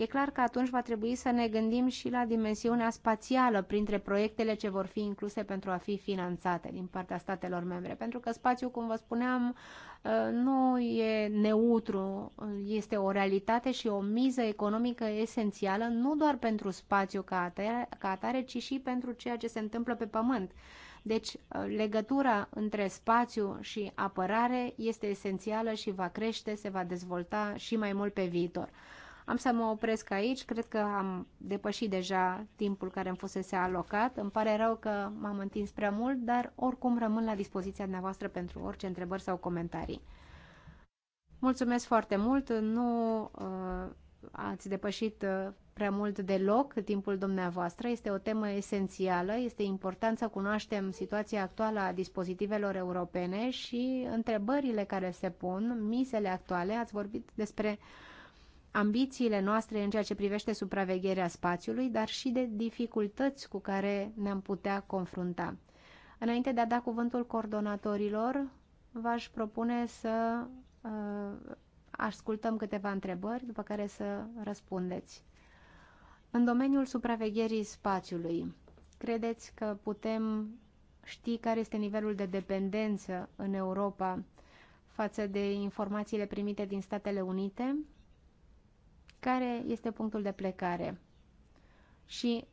E clar că atunci va trebui să ne gândim și la dimensiunea spațială printre proiectele ce vor fi incluse pentru a fi finanțate din partea statelor membre, pentru că spațiul, cum vă spuneam, ă, nu e neutru, este o realitate și o miză economică esențială, nu doar pentru spațiu ca atare, ca atare ci și pentru ceea ce se întâmplă pe Pământ. Deci, ă, legătura între spațiu și apărare este esențială și va crește, se va dezvolta și mai mult pe viitor. Am să mă opresc aici, cred că am depășit deja timpul care îmi fusese alocat. Îmi pare rău că m-am întins prea mult, dar oricum rămân la dispoziția dumneavoastră pentru orice întrebări sau comentarii. Mulțumesc foarte mult, nu uh, ați depășit uh, prea mult deloc timpul dumneavoastră. Este o temă esențială, este important să cunoaștem situația actuală a dispozitivelor europene și întrebările care se pun, misele actuale. Ați vorbit despre uh, ambițiile noastre în ceea ce privește supravegherea spațiului, dar și de dificultăți cu care ne-am putea confrunta. Înainte de a da cuvântul coordonatorilor, v-aș propune să uh, ascultăm câteva întrebări, după care să răspundeți. În domeniul supravegherii spațiului, credeți că putem ști care este nivelul de dependență în Europa față de informațiile primite din Statele Unite? care este punctul de plecare și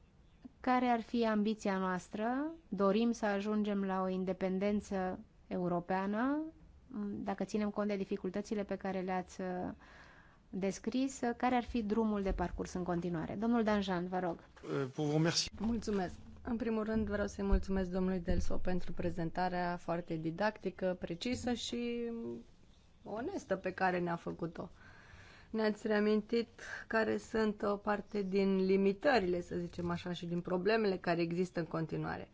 care ar fi ambiția noastră. Dorim să ajungem la o independență europeană, dacă ținem cont de dificultățile pe care le-ați uh, descris, care ar fi drumul de parcurs în continuare. Domnul Danjan, vă rog. Uh, mulțumesc. În primul rând vreau să-i mulțumesc domnului Delso pentru prezentarea foarte didactică, precisă și onestă pe care ne-a făcut-o. Ne-ați reamintit care sunt o parte din limitările, să zicem așa, și din problemele care există în continuare.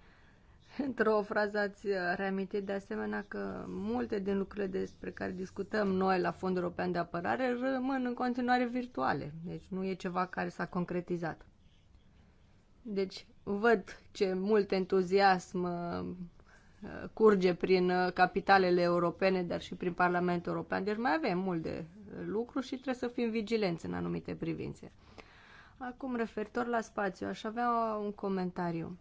Într-o frază ați reamintit de asemenea că multe din lucrurile despre care discutăm noi la Fondul European de Apărare rămân în continuare virtuale, deci nu e ceva care s-a concretizat. Deci văd ce mult entuziasm curge prin uh, capitalele europene, dar și prin Parlamentul European. Deci mai avem mult de uh, lucru și trebuie să fim vigilenți în anumite privințe. Acum, referitor la spațiu, aș avea un comentariu.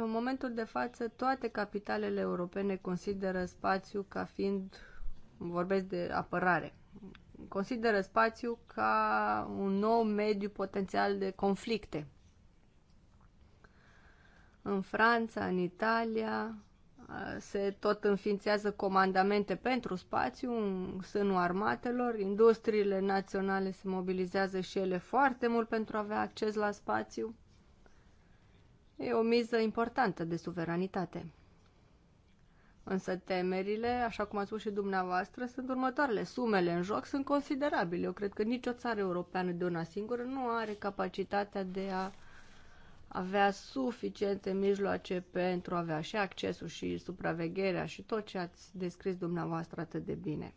În momentul de față, toate capitalele europene consideră spațiu ca fiind, vorbesc de apărare, consideră spațiu ca un nou mediu potențial de conflicte în Franța, în Italia, se tot înființează comandamente pentru spațiu în sânul armatelor, industriile naționale se mobilizează și ele foarte mult pentru a avea acces la spațiu. E o miză importantă de suveranitate. Însă temerile, așa cum a spus și dumneavoastră, sunt următoarele. Sumele în joc sunt considerabile. Eu cred că nicio țară europeană de una singură nu are capacitatea de a avea suficiente mijloace pentru a avea și accesul și supravegherea și tot ce ați descris dumneavoastră atât de bine.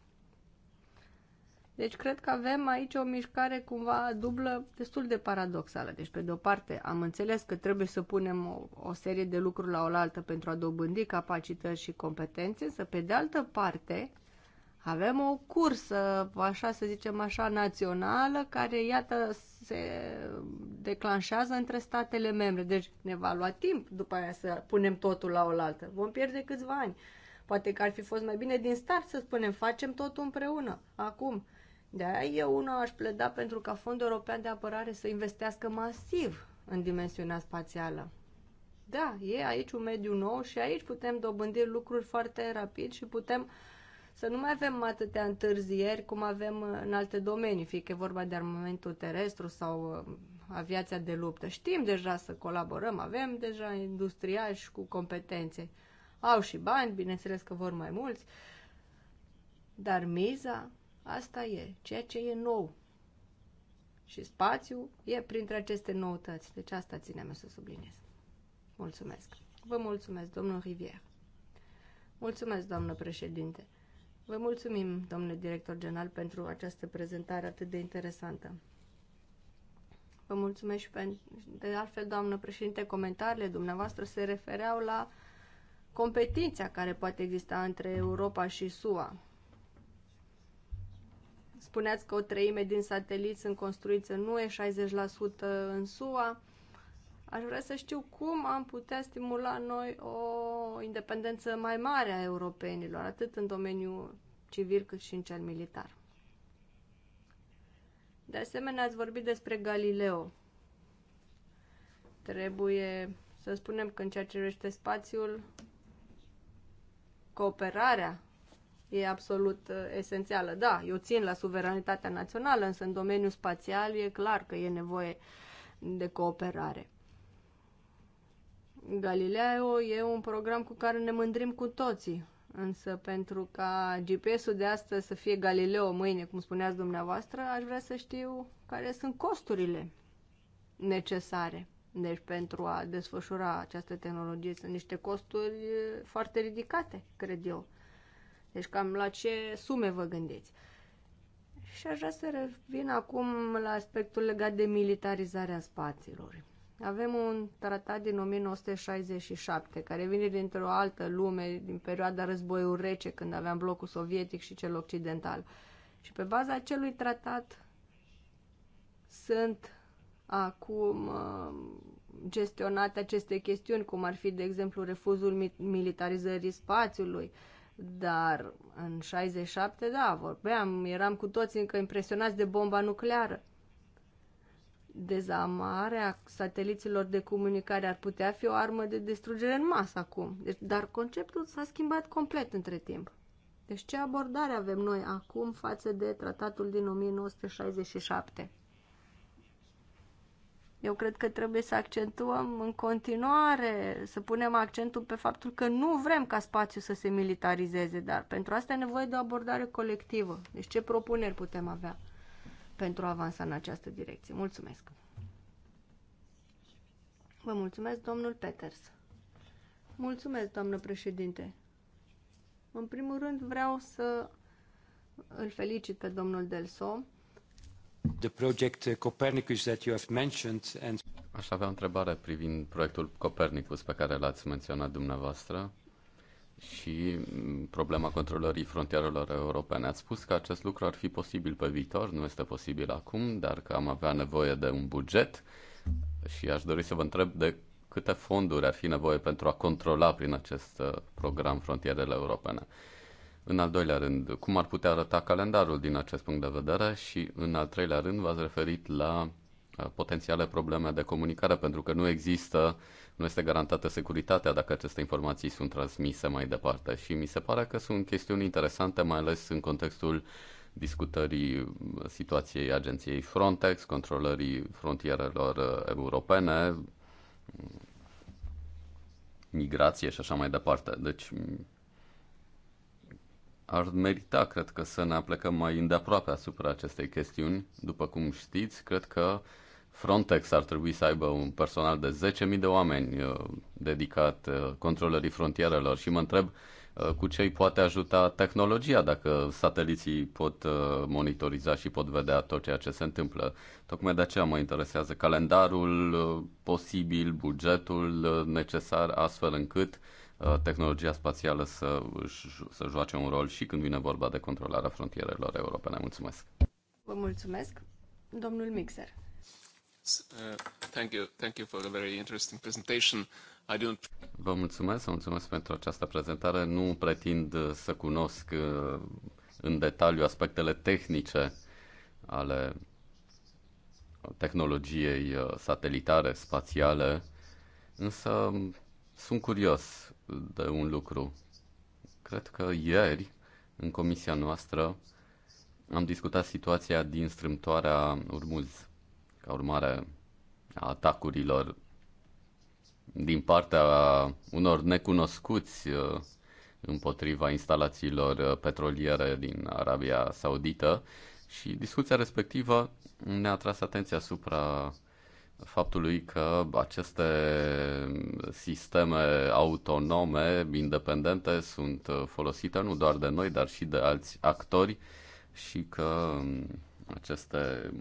Deci cred că avem aici o mișcare cumva dublă, destul de paradoxală. Deci pe de o parte am înțeles că trebuie să punem o, o serie de lucruri la oaltă pentru a dobândi capacități și competențe, să pe de altă parte avem o cursă, așa să zicem așa, națională, care, iată, se declanșează între statele membre. Deci ne va lua timp după aia să punem totul la oaltă. Vom pierde câțiva ani. Poate că ar fi fost mai bine din start să spunem, facem totul împreună, acum. De aia eu una aș pleda pentru ca Fondul European de Apărare să investească masiv în dimensiunea spațială. Da, e aici un mediu nou și aici putem dobândi lucruri foarte rapid și putem uh, să nu mai avem atâtea întârzieri cum avem în alte domenii, fie că e vorba de armamentul terestru sau uh, aviația de luptă. Știm deja să colaborăm, avem deja industriași cu competențe. Au și bani, bineînțeles că vor mai mulți, dar miza asta e, ceea ce e nou. Și spațiul e printre aceste noutăți. Deci asta ținem eu să subliniez. Mulțumesc. Vă mulțumesc, domnul Rivier. Mulțumesc, doamnă președinte. Vă mulțumim, domnule director general, pentru această prezentare atât de interesantă. Vă mulțumesc și pentru... De altfel, doamnă președinte, comentariile dumneavoastră se refereau la competiția care poate exista între Europa și SUA. Spuneați că o treime din sateliți sunt construiți în UE, 60% în SUA. Aș vrea să știu cum am putea stimula noi o independență mai mare a europenilor, atât în domeniul civil cât și în cel militar. De asemenea, ați vorbit despre Galileo. Trebuie să spunem că în ceea ce privește spațiul, cooperarea e absolut uh, esențială. Da, eu țin la suveranitatea națională, însă în domeniul spațial e clar că e nevoie de cooperare. Galileo e un program cu care ne mândrim cu toții, însă pentru ca GPS-ul de astăzi să fie Galileo mâine, cum spuneați dumneavoastră, aș vrea să știu care sunt costurile necesare. Deci pentru a desfășura această tehnologie sunt niște costuri foarte ridicate, cred eu. Deci cam la ce sume vă gândiți? Și aș vrea să revin acum la aspectul legat de militarizarea spațiilor. Avem un tratat din 1967, care vine dintr-o altă lume, din perioada războiului rece, când aveam blocul sovietic și cel occidental. Și pe baza acelui tratat sunt acum uh, gestionate aceste chestiuni, cum ar fi, de exemplu, refuzul militarizării spațiului, dar în 67, da, vorbeam, eram cu toți încă impresionați de bomba nucleară dezamarea sateliților de comunicare ar putea fi o armă de distrugere în masă acum. Deci, dar conceptul s-a schimbat complet între timp. Deci ce abordare avem noi acum față de tratatul din 1967? Eu cred că trebuie să accentuăm în continuare, să punem accentul pe faptul că nu vrem ca spațiul să se militarizeze, dar pentru asta e nevoie de o abordare colectivă. Deci ce propuneri putem avea? pentru a avansa în această direcție. Mulțumesc! Vă mulțumesc, domnul Peters. Mulțumesc, doamnă președinte. În primul rând vreau să îl felicit pe domnul Delso. The project uh, Copernicus that you have mentioned and... Aș avea o întrebare privind proiectul Copernicus pe care l-ați menționat dumneavoastră și problema controlării frontierelor europene. Ați spus că acest lucru ar fi posibil pe viitor, nu este posibil acum, dar că am avea nevoie de un buget și aș dori să vă întreb de câte fonduri ar fi nevoie pentru a controla prin acest uh, program frontierele europene. În al doilea rând, cum ar putea arăta calendarul din acest punct de vedere și în al treilea rând v-ați referit la uh, potențiale probleme de comunicare pentru că nu există nu este garantată securitatea dacă aceste informații sunt transmise mai departe. Și mi se pare că sunt chestiuni interesante, mai ales în contextul discutării situației agenției Frontex, controlării frontierelor europene, migrație și așa mai departe. Deci ar merita, cred că, să ne aplecăm mai îndeaproape asupra acestei chestiuni. După cum știți, cred că uh, Frontex ar trebui să aibă un personal de 10.000 de oameni uh, dedicat uh, controlării frontierelor și mă întreb uh, cu ce îi poate ajuta tehnologia dacă sateliții pot monitoriza și pot vedea tot ceea ce se întâmplă. Tocmai de aceea mă interesează calendarul posibil, bugetul necesar, astfel încât tehnologia spațială să, să joace un rol și când vine vorba de controlarea frontierelor europene. Mulțumesc! Vă mulțumesc, domnul Mixer. Uh, thank you. Thank you for a very interesting presentation. I don't... Vă mulțumesc, vă mulțumesc pentru această prezentare. Nu pretind uh, să cunosc uh, în detaliu aspectele tehnice ale tehnologiei satelitare, spațiale, însă um, sunt curios de un lucru. Cred că ieri, în comisia noastră, am discutat situația din strâmtoarea Urmuz ca urmare a atacurilor din partea unor necunoscuți uh, împotriva instalațiilor uh, petroliere din Arabia Saudită și discuția respectivă ne-a tras atenția asupra faptului că aceste sisteme autonome, independente, sunt uh, folosite nu doar de noi, dar și de alți actori și că um, aceste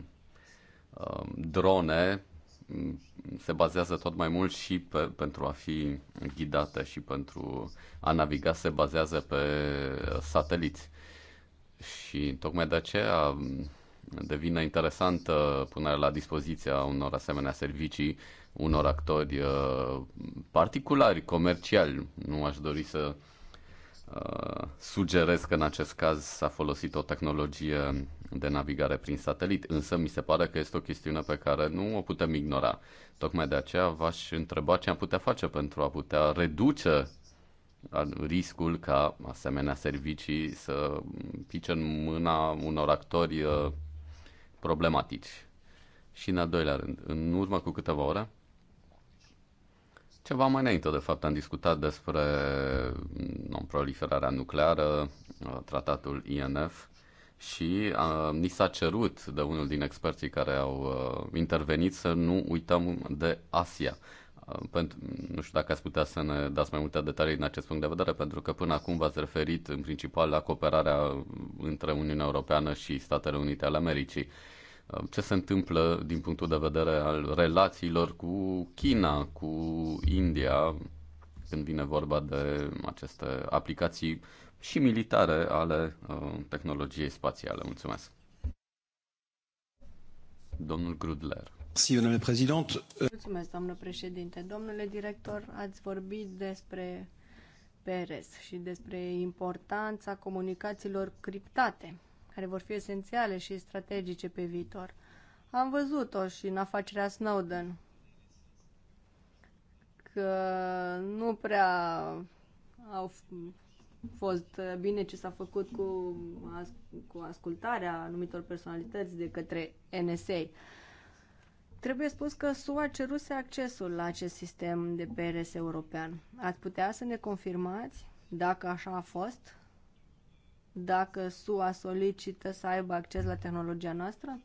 Um, drone mm, se bazează tot mai mult și pe, pentru a fi ghidate și pentru a naviga se bazează pe uh, sateliți. Și tocmai de aceea mm, devine interesantă punerea la dispoziția unor asemenea servicii unor actori uh, particulari, comerciali. Nu aș dori să sugerez că în acest caz s-a folosit o tehnologie de navigare prin satelit, însă mi se pare că este o chestiune pe care nu o putem ignora. Tocmai de aceea v-aș întreba ce am putea face pentru a putea reduce riscul ca asemenea servicii să pice în mâna unor actori uh, problematici. Și în al doilea rând, în urmă cu câteva ore, ceva mai înainte, de fapt, am discutat despre mm, non-proliferarea nucleară, uh, tratatul INF și a, uh, ni s-a cerut de unul din experții care au uh, intervenit să nu uităm de Asia. Pentru, nu știu dacă ați putea să ne dați mai multe detalii din acest punct de vedere, pentru că până acum v-ați referit în principal la cooperarea între Uniunea Europeană și Statele Unite ale Americii ce se întâmplă din punctul de vedere al relațiilor cu China, cu India, când vine vorba de aceste aplicații și militare ale uh, tehnologiei spațiale. Mulțumesc. Domnul Grudler. Mulțumesc, domnule președinte. Domnule director, ați vorbit despre PRS și despre importanța comunicațiilor criptate care vor fi esențiale și strategice pe viitor. Am văzut-o și în afacerea Snowden, că nu prea au fost bine ce s-a făcut cu, as cu ascultarea anumitor personalități de către NSA. Trebuie spus că SUA ceruse accesul la acest sistem de PRS european. Ați putea să ne confirmați dacă așa a fost? dacă SUA solicită să aibă acces la tehnologia noastră?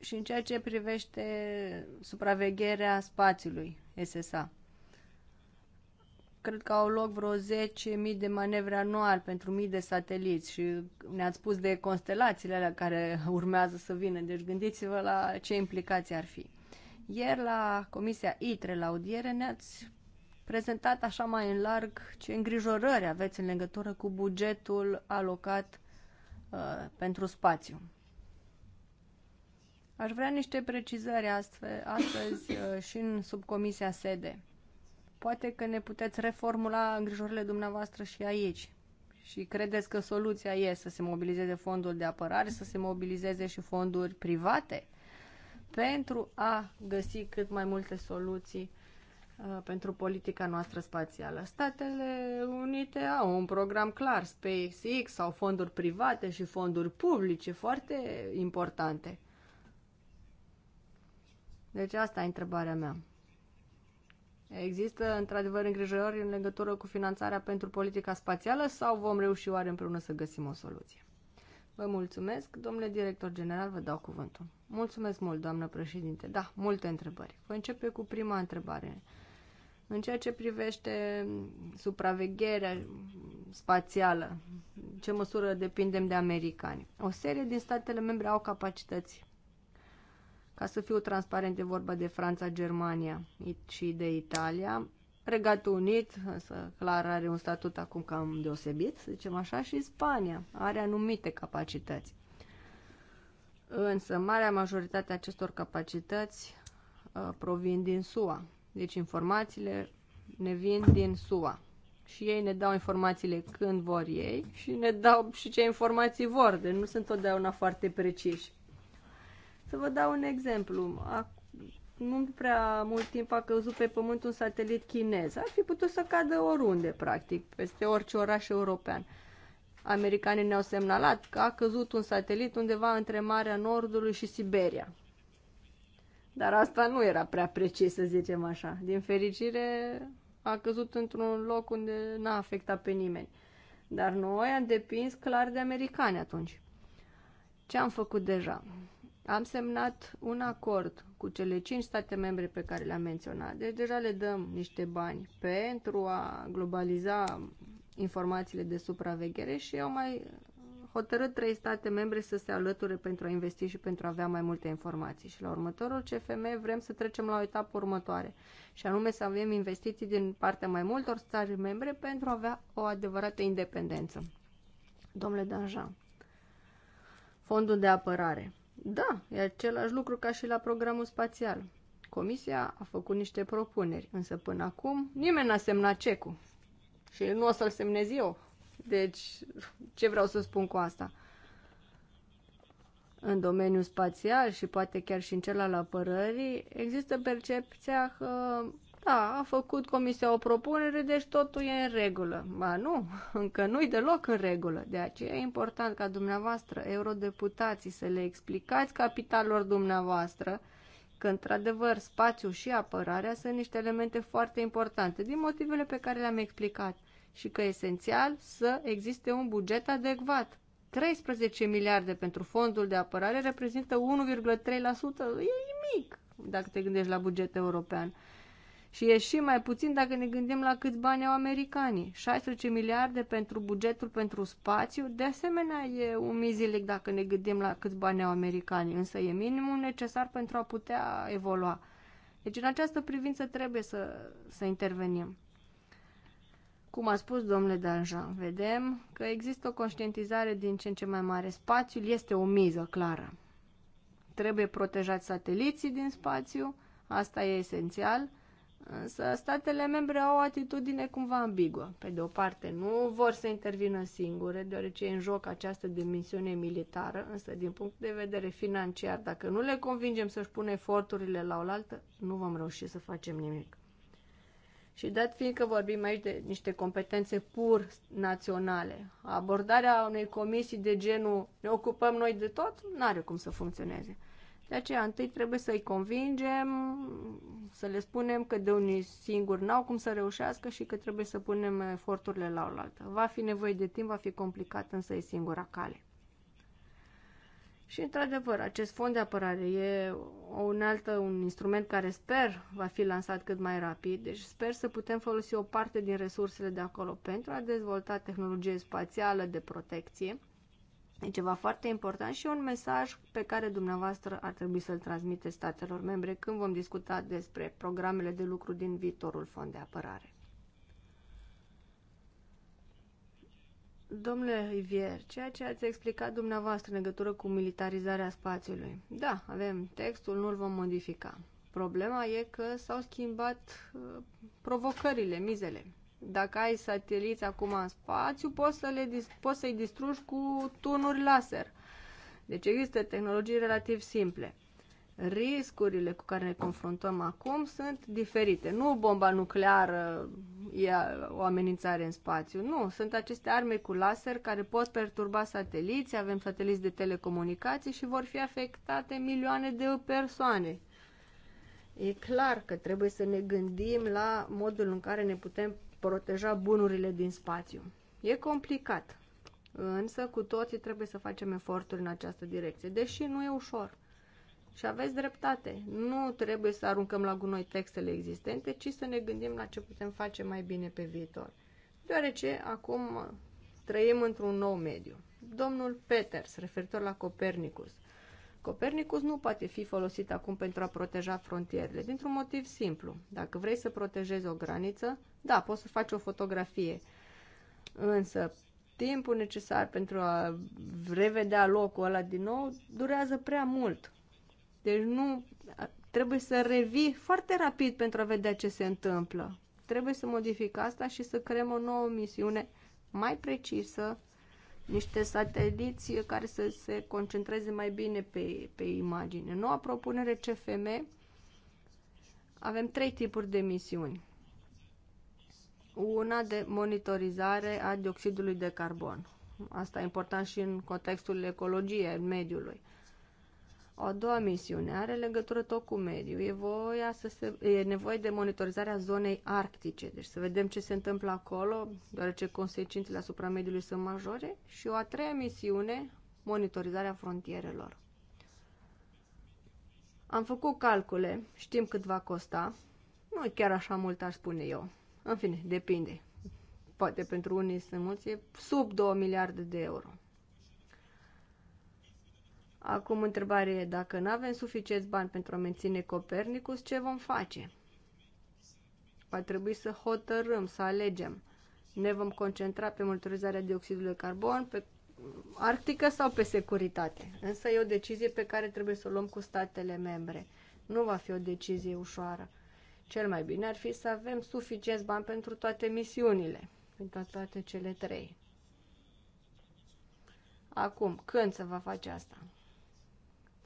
Și în ceea ce privește supravegherea spațiului SSA, cred că au loc vreo 10.000 de manevre anual pentru mii de sateliți și ne-ați spus de constelațiile alea care urmează să vină, deci gândiți-vă la ce implicații ar fi. Ieri la Comisia ITRE, la audiere, ne-ați prezentat așa mai în larg ce îngrijorări aveți în legătură cu bugetul alocat uh, pentru spațiu. Aș vrea niște precizări astfel, astăzi uh, și în subcomisia sede. Poate că ne puteți reformula îngrijorările dumneavoastră și aici. Și credeți că soluția e să se mobilizeze fondul de apărare, să se mobilizeze și fonduri private pentru a găsi cât mai multe soluții Uh, pentru politica noastră spațială. Statele Unite au un program clar, SpaceX sau fonduri private și fonduri publice foarte importante. Deci asta e întrebarea mea. Există într-adevăr îngrijorări în legătură cu finanțarea pentru politica spațială sau vom reuși oare împreună să găsim o soluție? Vă mulțumesc, domnule director general, vă dau cuvântul. Mulțumesc mult, doamnă președinte. Da, multe întrebări. Voi începe cu prima întrebare în ceea ce privește supravegherea spațială, ce măsură depindem de americani? O serie din statele membre au capacități. Ca să fiu transparent, e vorba de Franța, Germania și de Italia. Regatul Unit, însă clar are un statut acum cam deosebit, să zicem așa, și Spania are anumite capacități. Însă, marea majoritate a acestor capacități uh, provin din SUA, deci informațiile ne vin din SUA. Și ei ne dau informațiile când vor ei și ne dau și ce informații vor, de, deci nu sunt totdeauna foarte preciși. Să vă dau un exemplu. Nu prea mult timp a căzut pe pământ un satelit chinez. Ar fi putut să cadă oriunde, practic, peste orice oraș european. Americanii ne-au semnalat că a căzut un satelit undeva între Marea Nordului și Siberia. Dar asta nu era prea precis, să zicem așa. Din fericire, a căzut într-un loc unde n-a afectat pe nimeni. Dar noi am depins clar de americani atunci. Ce am făcut deja? Am semnat un acord cu cele cinci state membre pe care le-am menționat. Deci deja le dăm niște bani pentru a globaliza informațiile de supraveghere și au mai hotărât trei state membre să se alăture pentru a investi și pentru a avea mai multe informații. Și la următorul CFM vrem să trecem la o etapă următoare, și anume să avem investiții din partea mai multor state membre pentru a avea o adevărată independență. Domnule Danjean, fondul de apărare. Da, e același lucru ca și la programul spațial. Comisia a făcut niște propuneri, însă până acum nimeni n-a semnat cecul. Și nu o să-l semnez eu. Deci, ce vreau să spun cu asta? În domeniul spațial și poate chiar și în cel al apărării, există percepția că, da, a făcut Comisia o propunere, deci totul e în regulă. Ba nu, încă nu-i deloc în regulă. De aceea e important ca dumneavoastră, eurodeputații, să le explicați capitalor dumneavoastră că, într-adevăr, spațiul și apărarea sunt niște elemente foarte importante, din motivele pe care le-am explicat și că e esențial să existe un buget adecvat. 13 miliarde pentru fondul de apărare reprezintă 1,3%. E mic dacă te gândești la buget european. Și e și mai puțin dacă ne gândim la câți bani au americanii. 16 miliarde pentru bugetul pentru spațiu, de asemenea e un mizilic dacă ne gândim la câți bani au americanii, însă e minimul necesar pentru a putea evolua. Deci în această privință trebuie să, să intervenim. Cum a spus domnule Danjean, vedem că există o conștientizare din ce în ce mai mare. Spațiul este o miză clară. Trebuie protejați sateliții din spațiu, asta e esențial, însă statele membre au o atitudine cumva ambiguă. Pe de o parte, nu vor să intervină singure, deoarece e în joc această dimensiune militară, însă din punct de vedere financiar, dacă nu le convingem să-și pună eforturile la oaltă, nu vom reuși să facem nimic. Și dat fiind că vorbim aici de niște competențe pur naționale, abordarea unei comisii de genul ne ocupăm noi de tot, nu are cum să funcționeze. De aceea, întâi trebuie să-i convingem, să le spunem că de unii singuri n-au cum să reușească și că trebuie să punem eforturile la oaltă. Va fi nevoie de timp, va fi complicat, însă e singura cale. Și, într-adevăr, acest fond de apărare e o unealtă, un instrument care sper va fi lansat cât mai rapid, deci sper să putem folosi o parte din resursele de acolo pentru a dezvolta tehnologie spațială de protecție. E ceva foarte important și un mesaj pe care dumneavoastră ar trebui să-l transmite statelor membre când vom discuta despre programele de lucru din viitorul fond de apărare. Domnule Rivier, ceea ce ați explicat dumneavoastră în legătură cu militarizarea spațiului. Da, avem textul, nu-l vom modifica. Problema e că s-au schimbat uh, provocările, mizele. Dacă ai sateliți acum în spațiu, poți, să le, poți să-i distrugi cu tunuri laser. Deci există tehnologii relativ simple riscurile cu care ne confruntăm acum sunt diferite. Nu bomba nucleară e o amenințare în spațiu, nu. Sunt aceste arme cu laser care pot perturba sateliți, avem sateliți de telecomunicații și vor fi afectate milioane de persoane. E clar că trebuie să ne gândim la modul în care ne putem proteja bunurile din spațiu. E complicat, însă cu toții trebuie să facem eforturi în această direcție, deși nu e ușor. Și aveți dreptate. Nu trebuie să aruncăm la gunoi textele existente, ci să ne gândim la ce putem face mai bine pe viitor. Deoarece acum trăim într-un nou mediu. Domnul Peters, referitor la Copernicus. Copernicus nu poate fi folosit acum pentru a proteja frontierele, dintr-un motiv simplu. Dacă vrei să protejezi o graniță, da, poți să faci o fotografie. Însă, timpul necesar pentru a revedea locul ăla din nou durează prea mult. Deci nu trebuie să revii foarte rapid pentru a vedea ce se întâmplă. Trebuie să modific asta și să creăm o nouă misiune mai precisă, niște sateliți care să se concentreze mai bine pe, pe imagine. Noua propunere CFM avem trei tipuri de misiuni. Una de monitorizare a dioxidului de carbon. Asta e important și în contextul ecologiei, mediului. O a doua misiune are legătură tot cu mediul. E, voia să se, e nevoie de monitorizarea zonei arctice, deci să vedem ce se întâmplă acolo, deoarece consecințele asupra mediului sunt majore. Și o a treia misiune, monitorizarea frontierelor. Am făcut calcule, știm cât va costa. Nu e chiar așa mult, aș spune eu. În fine, depinde. Poate pentru unii sunt mulți, e sub 2 miliarde de euro. Acum întrebarea e, dacă nu avem suficient bani pentru a menține Copernicus, ce vom face? Va trebui să hotărâm, să alegem. Ne vom concentra pe monitorizarea dioxidului de carbon, pe Arctică sau pe securitate. Însă e o decizie pe care trebuie să o luăm cu statele membre. Nu va fi o decizie ușoară. Cel mai bine ar fi să avem suficient bani pentru toate misiunile, pentru toate cele trei. Acum, când se va face asta?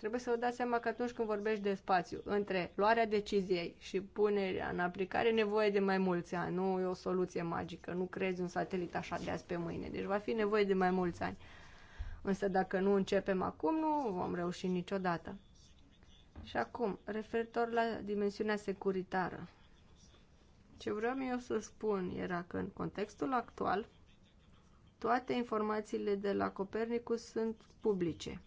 Trebuie să vă dați seama că atunci când vorbești de spațiu, între luarea deciziei și punerea în aplicare, nevoie de mai mulți ani. Nu e o soluție magică, nu crezi un satelit așa de azi pe mâine. Deci va fi nevoie de mai mulți ani. Însă dacă nu începem acum, nu vom reuși niciodată. Și acum, referitor la dimensiunea securitară. Ce vreau eu să spun era că în contextul actual, toate informațiile de la Copernicus sunt publice.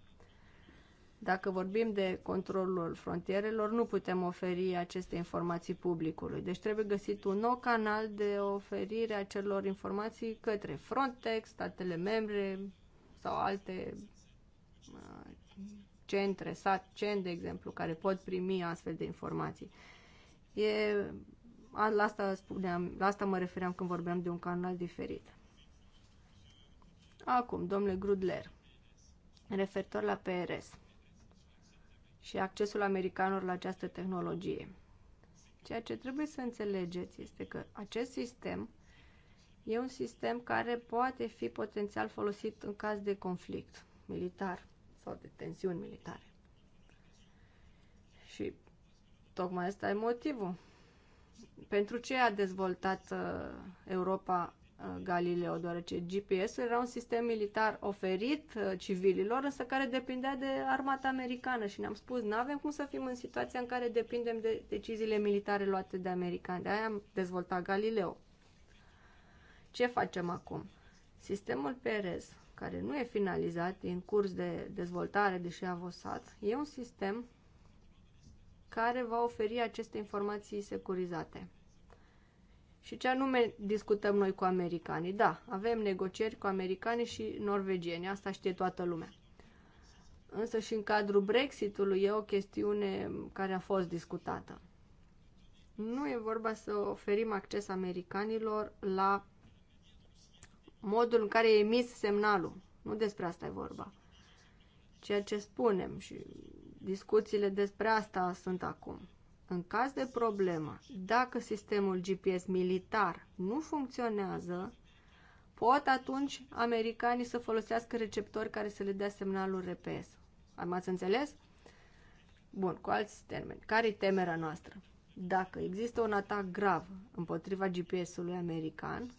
Dacă vorbim de controlul frontierelor, nu putem oferi aceste informații publicului. Deci trebuie găsit un nou canal de oferire a celor informații către Frontex, statele membre sau alte uh, centre, sat, cent, de exemplu, care pot primi astfel de informații. E, la, asta spuneam, la asta mă refeream când vorbeam de un canal diferit. Acum, domnule Grudler, referitor la PRS și accesul americanilor la această tehnologie. Ceea ce trebuie să înțelegeți este că acest sistem e un sistem care poate fi potențial folosit în caz de conflict militar sau de tensiuni militare. Și tocmai asta e motivul. Pentru ce a dezvoltat uh, Europa Uh, Galileo, deoarece GPS-ul era un sistem militar oferit uh, civililor, însă care depindea de armata americană și ne-am spus, nu avem cum să fim în situația în care depindem de deciziile militare luate de americani. De aia am dezvoltat Galileo. Ce facem acum? Sistemul Perez, care nu e finalizat, e în curs de dezvoltare, deși a avosat, e un sistem care va oferi aceste informații securizate. Și ce anume discutăm noi cu americanii? Da, avem negocieri cu americanii și norvegieni, asta știe toată lumea. Însă și în cadrul Brexitului e o chestiune care a fost discutată. Nu e vorba să oferim acces americanilor la modul în care e emis semnalul. Nu despre asta e vorba. Ceea ce spunem și discuțiile despre asta sunt acum în caz de problemă, dacă sistemul GPS militar nu funcționează, pot atunci americanii să folosească receptori care să le dea semnalul RPS. Am ați înțeles? Bun, cu alți termeni. Care-i temerea noastră? Dacă există un atac grav împotriva GPS-ului american,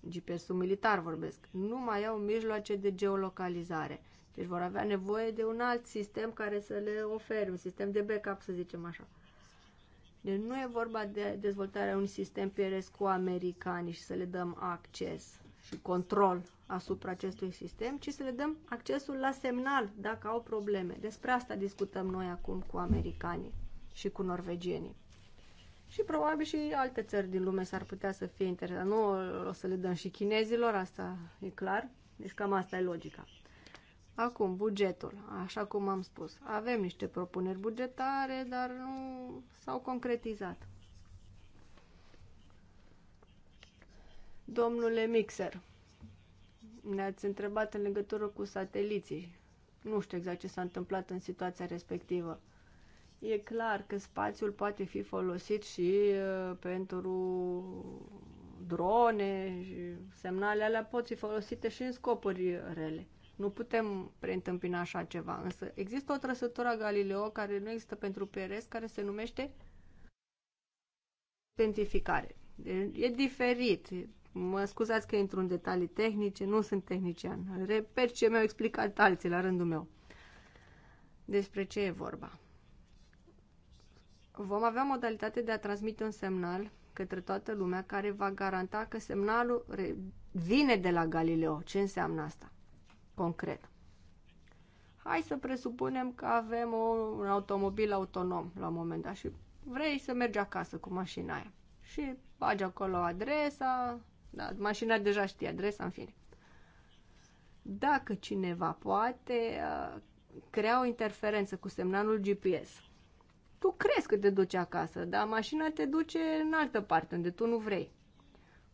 GPS-ul militar vorbesc, nu mai au mijloace de geolocalizare – deci vor avea nevoie de un alt sistem care să le ofere, un sistem de backup, să zicem așa. Deci nu e vorba de dezvoltarea unui sistem PRS cu americani și să le dăm acces și control asupra acestui sistem, ci să le dăm accesul la semnal dacă au probleme. Despre asta discutăm noi acum cu americanii și cu norvegienii. Și probabil și alte țări din lume s-ar putea să fie interesate. Nu o să le dăm și chinezilor, asta e clar. Deci cam asta e logica. Acum, bugetul, așa cum am spus. Avem niște propuneri bugetare, dar nu s-au concretizat. Domnule Mixer, ne-ați întrebat în legătură cu sateliții. Nu știu exact ce s-a întâmplat în situația respectivă. E clar că spațiul poate fi folosit și uh, pentru drone și semnalele alea pot fi folosite și în scopuri rele. Nu putem preîntâmpina așa ceva, însă există o trăsătură a Galileo care nu există pentru PRS, care se numește identificare. E diferit. Mă scuzați că intru în detalii tehnice, nu sunt tehnician. Repet ce mi-au explicat alții la rândul meu. Despre ce e vorba? Vom avea modalitate de a transmite un semnal către toată lumea care va garanta că semnalul vine de la Galileo. Ce înseamnă asta? concret. Hai să presupunem că avem o, un automobil autonom la un moment dat și vrei să mergi acasă cu mașina aia. Și bagi acolo adresa, da, mașina deja știe adresa, în fine. Dacă cineva poate uh, crea o interferență cu semnalul GPS, tu crezi că te duci acasă, dar mașina te duce în altă parte, unde tu nu vrei.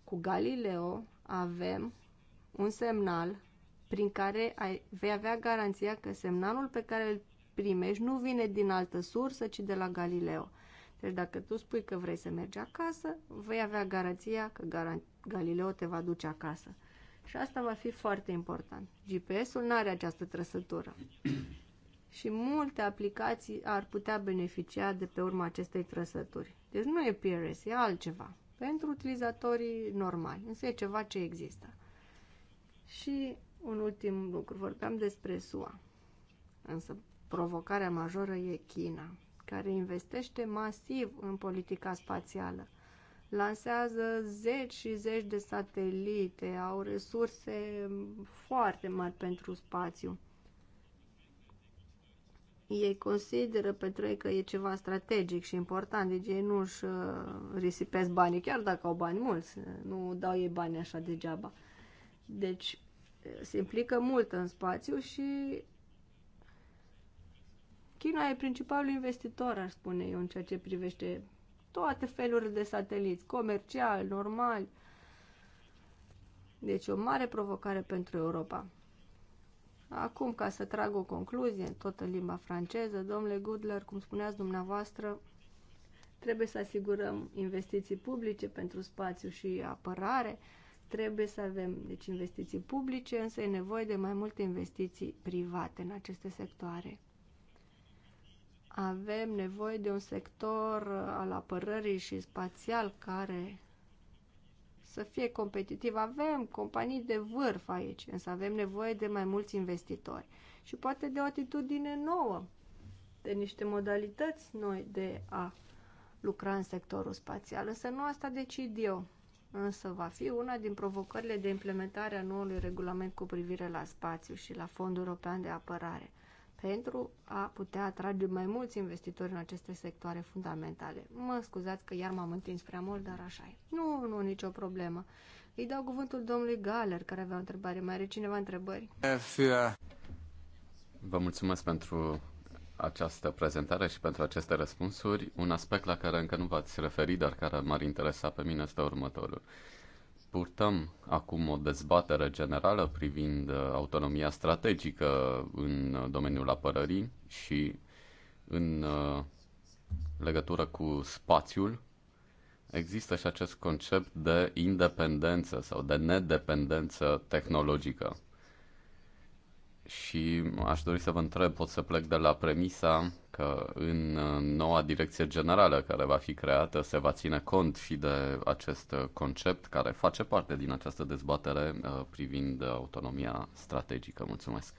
Cu Galileo avem un semnal prin care ai, vei avea garanția că semnalul pe care îl primești nu vine din altă sursă, ci de la Galileo. Deci dacă tu spui că vrei să mergi acasă, vei avea garanția că garan Galileo te va duce acasă. Și asta va fi foarte important. GPS-ul nu are această trăsătură. și multe aplicații ar putea beneficia de pe urma acestei trăsături. Deci nu e PRS, e altceva. Pentru utilizatorii normali, însă e ceva ce există. Și un ultim lucru, vorbeam despre SUA, însă provocarea majoră e China, care investește masiv în politica spațială. Lansează zeci și zeci de satelite, au resurse foarte mari pentru spațiu. Ei consideră pentru ei că e ceva strategic și important, deci ei nu își uh, risipesc banii, chiar dacă au bani mulți, nu dau ei bani așa degeaba. Deci se implică mult în spațiu și China e principalul investitor, aș spune eu, în ceea ce privește toate felurile de sateliți, comercial, normal. Deci o mare provocare pentru Europa. Acum, ca să trag o concluzie, tot în limba franceză, domnule Goodler, cum spuneați dumneavoastră, trebuie să asigurăm investiții publice pentru spațiu și apărare, Trebuie să avem deci, investiții publice, însă e nevoie de mai multe investiții private în aceste sectoare. Avem nevoie de un sector uh, al apărării și spațial care să fie competitiv. Avem companii de vârf aici, însă avem nevoie de mai mulți investitori și poate de o atitudine nouă, de niște modalități noi de a lucra în sectorul spațial. Însă nu asta decid eu însă va fi una din provocările de implementare a noului regulament cu privire la spațiu și la Fondul European de Apărare, pentru a putea atrage mai mulți investitori în aceste sectoare fundamentale. Mă scuzați că iar m-am întins prea mult, dar așa e. Nu, nu, nicio problemă. Îi dau cuvântul domnului Galer, care avea o întrebare. Mai are cineva întrebări? Eh, Vă mulțumesc pentru această prezentare și pentru aceste răspunsuri. Un aspect la care încă nu v-ați referit, dar care m-ar interesa pe mine, este următorul. Purtăm acum o dezbatere generală privind uh, autonomia strategică în uh, domeniul apărării și în uh, legătură cu spațiul. Există și acest concept de independență sau de nedependență tehnologică și aș dori să vă întreb, pot să plec de la premisa că în uh, noua direcție generală care va fi creată se va ține cont și de acest uh, concept care face parte din această dezbatere uh, privind autonomia strategică. Mulțumesc!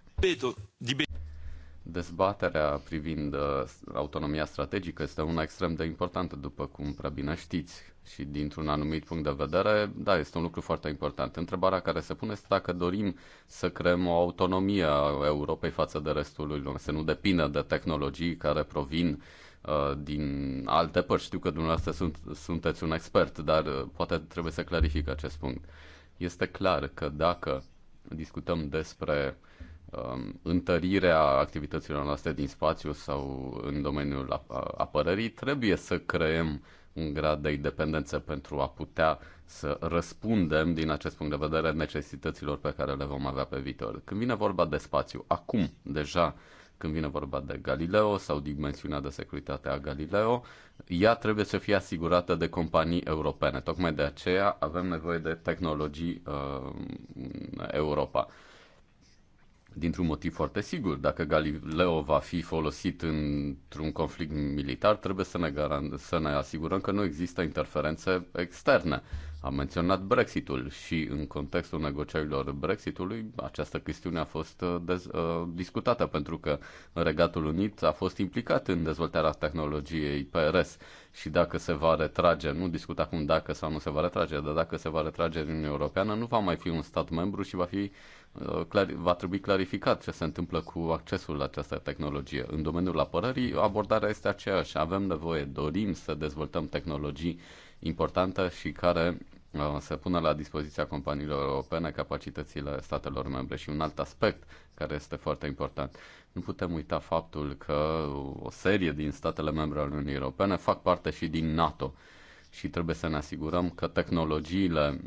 Dezbaterea privind uh, autonomia strategică este una extrem de importantă, după cum prea bine știți, și dintr-un anumit punct de vedere, da, este un lucru foarte important. Întrebarea care se pune este dacă dorim să creăm o autonomie a Europei față de restul lumii, să nu depină de tehnologii care provin uh, din alte părți. Știu că dumneavoastră sunt, sunteți un expert, dar uh, poate trebuie să clarific acest punct. Este clar că dacă discutăm despre Um, întărirea activităților noastre din spațiu sau în domeniul apărării, trebuie să creăm un grad de independență pentru a putea să răspundem din acest punct de vedere necesităților pe care le vom avea pe viitor. Când vine vorba de spațiu, acum deja când vine vorba de Galileo sau dimensiunea de securitate a Galileo, ea trebuie să fie asigurată de companii europene. Tocmai de aceea avem nevoie de tehnologii uh, în Europa dintr-un motiv foarte sigur. Dacă Galileo va fi folosit într-un conflict militar, trebuie să ne, garan- să ne asigurăm că nu există interferențe externe. Am menționat Brexitul și în contextul negocierilor Brexitului această chestiune a fost uh, dez- uh, discutată pentru că Regatul Unit a fost implicat în dezvoltarea tehnologiei PRS și dacă se va retrage, nu discut acum dacă sau nu se va retrage, dar dacă se va retrage din Uniunea Europeană, nu va mai fi un stat membru și va fi uh, Uh, va trebui clarificat ce se întâmplă cu accesul la această tehnologie. În domeniul apărării, abordarea este aceeași. Avem nevoie, dorim să dezvoltăm tehnologii importante și care uh, se pună la dispoziția companiilor europene capacitățile statelor membre. Și un alt aspect care este foarte important. Nu putem uita faptul că o serie din statele membre ale Uniunii Europene fac parte și din NATO și trebuie să ne asigurăm că tehnologiile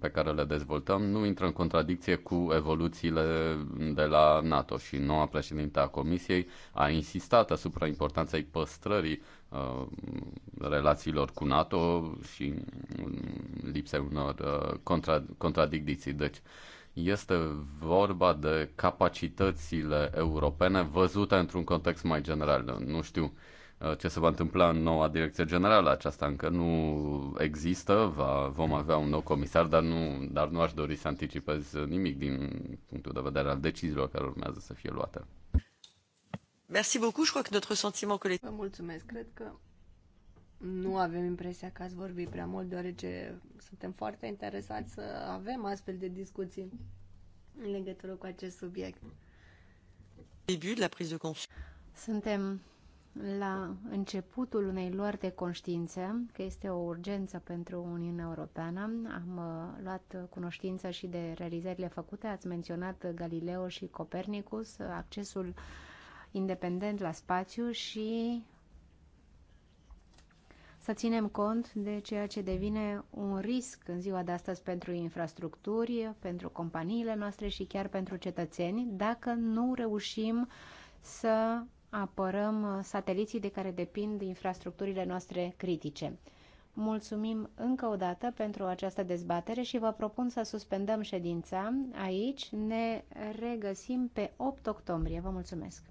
pe care le dezvoltăm nu intră în contradicție cu evoluțiile de la NATO și noua președinte a Comisiei a insistat asupra importanței păstrării uh, relațiilor cu NATO și mm, lipsei unor uh, contra, contradicții. Deci, este vorba de capacitățile europene văzute într-un context mai general. Nu știu uh, Uh, ce se va întâmpla în noua direcție generală. Aceasta încă nu există, va, vom avea un nou comisar, dar nu, dar nu aș dori să anticipez nimic din punctul de vedere al deciziilor care urmează să fie luate. Merci beaucoup, je crois que notre sentiment collectif... Vă mulțumesc, cred că nu avem impresia că ați vorbit prea mult, deoarece suntem foarte interesați să avem astfel de discuții în legătură cu acest subiect. Debut de la prise de conscience. Suntem la începutul unei luări de conștiință, că este o urgență pentru Uniunea Europeană. Am uh, luat cunoștință și de realizările făcute. Ați menționat Galileo și Copernicus, accesul independent la spațiu și să ținem cont de ceea ce devine un risc în ziua de astăzi pentru infrastructuri, pentru companiile noastre și chiar pentru cetățeni, dacă nu reușim să apărăm uh, sateliții de care depind infrastructurile noastre critice. Mulțumim încă o dată pentru această dezbatere și vă propun să suspendăm ședința aici. Ne regăsim pe 8 octombrie. Vă mulțumesc!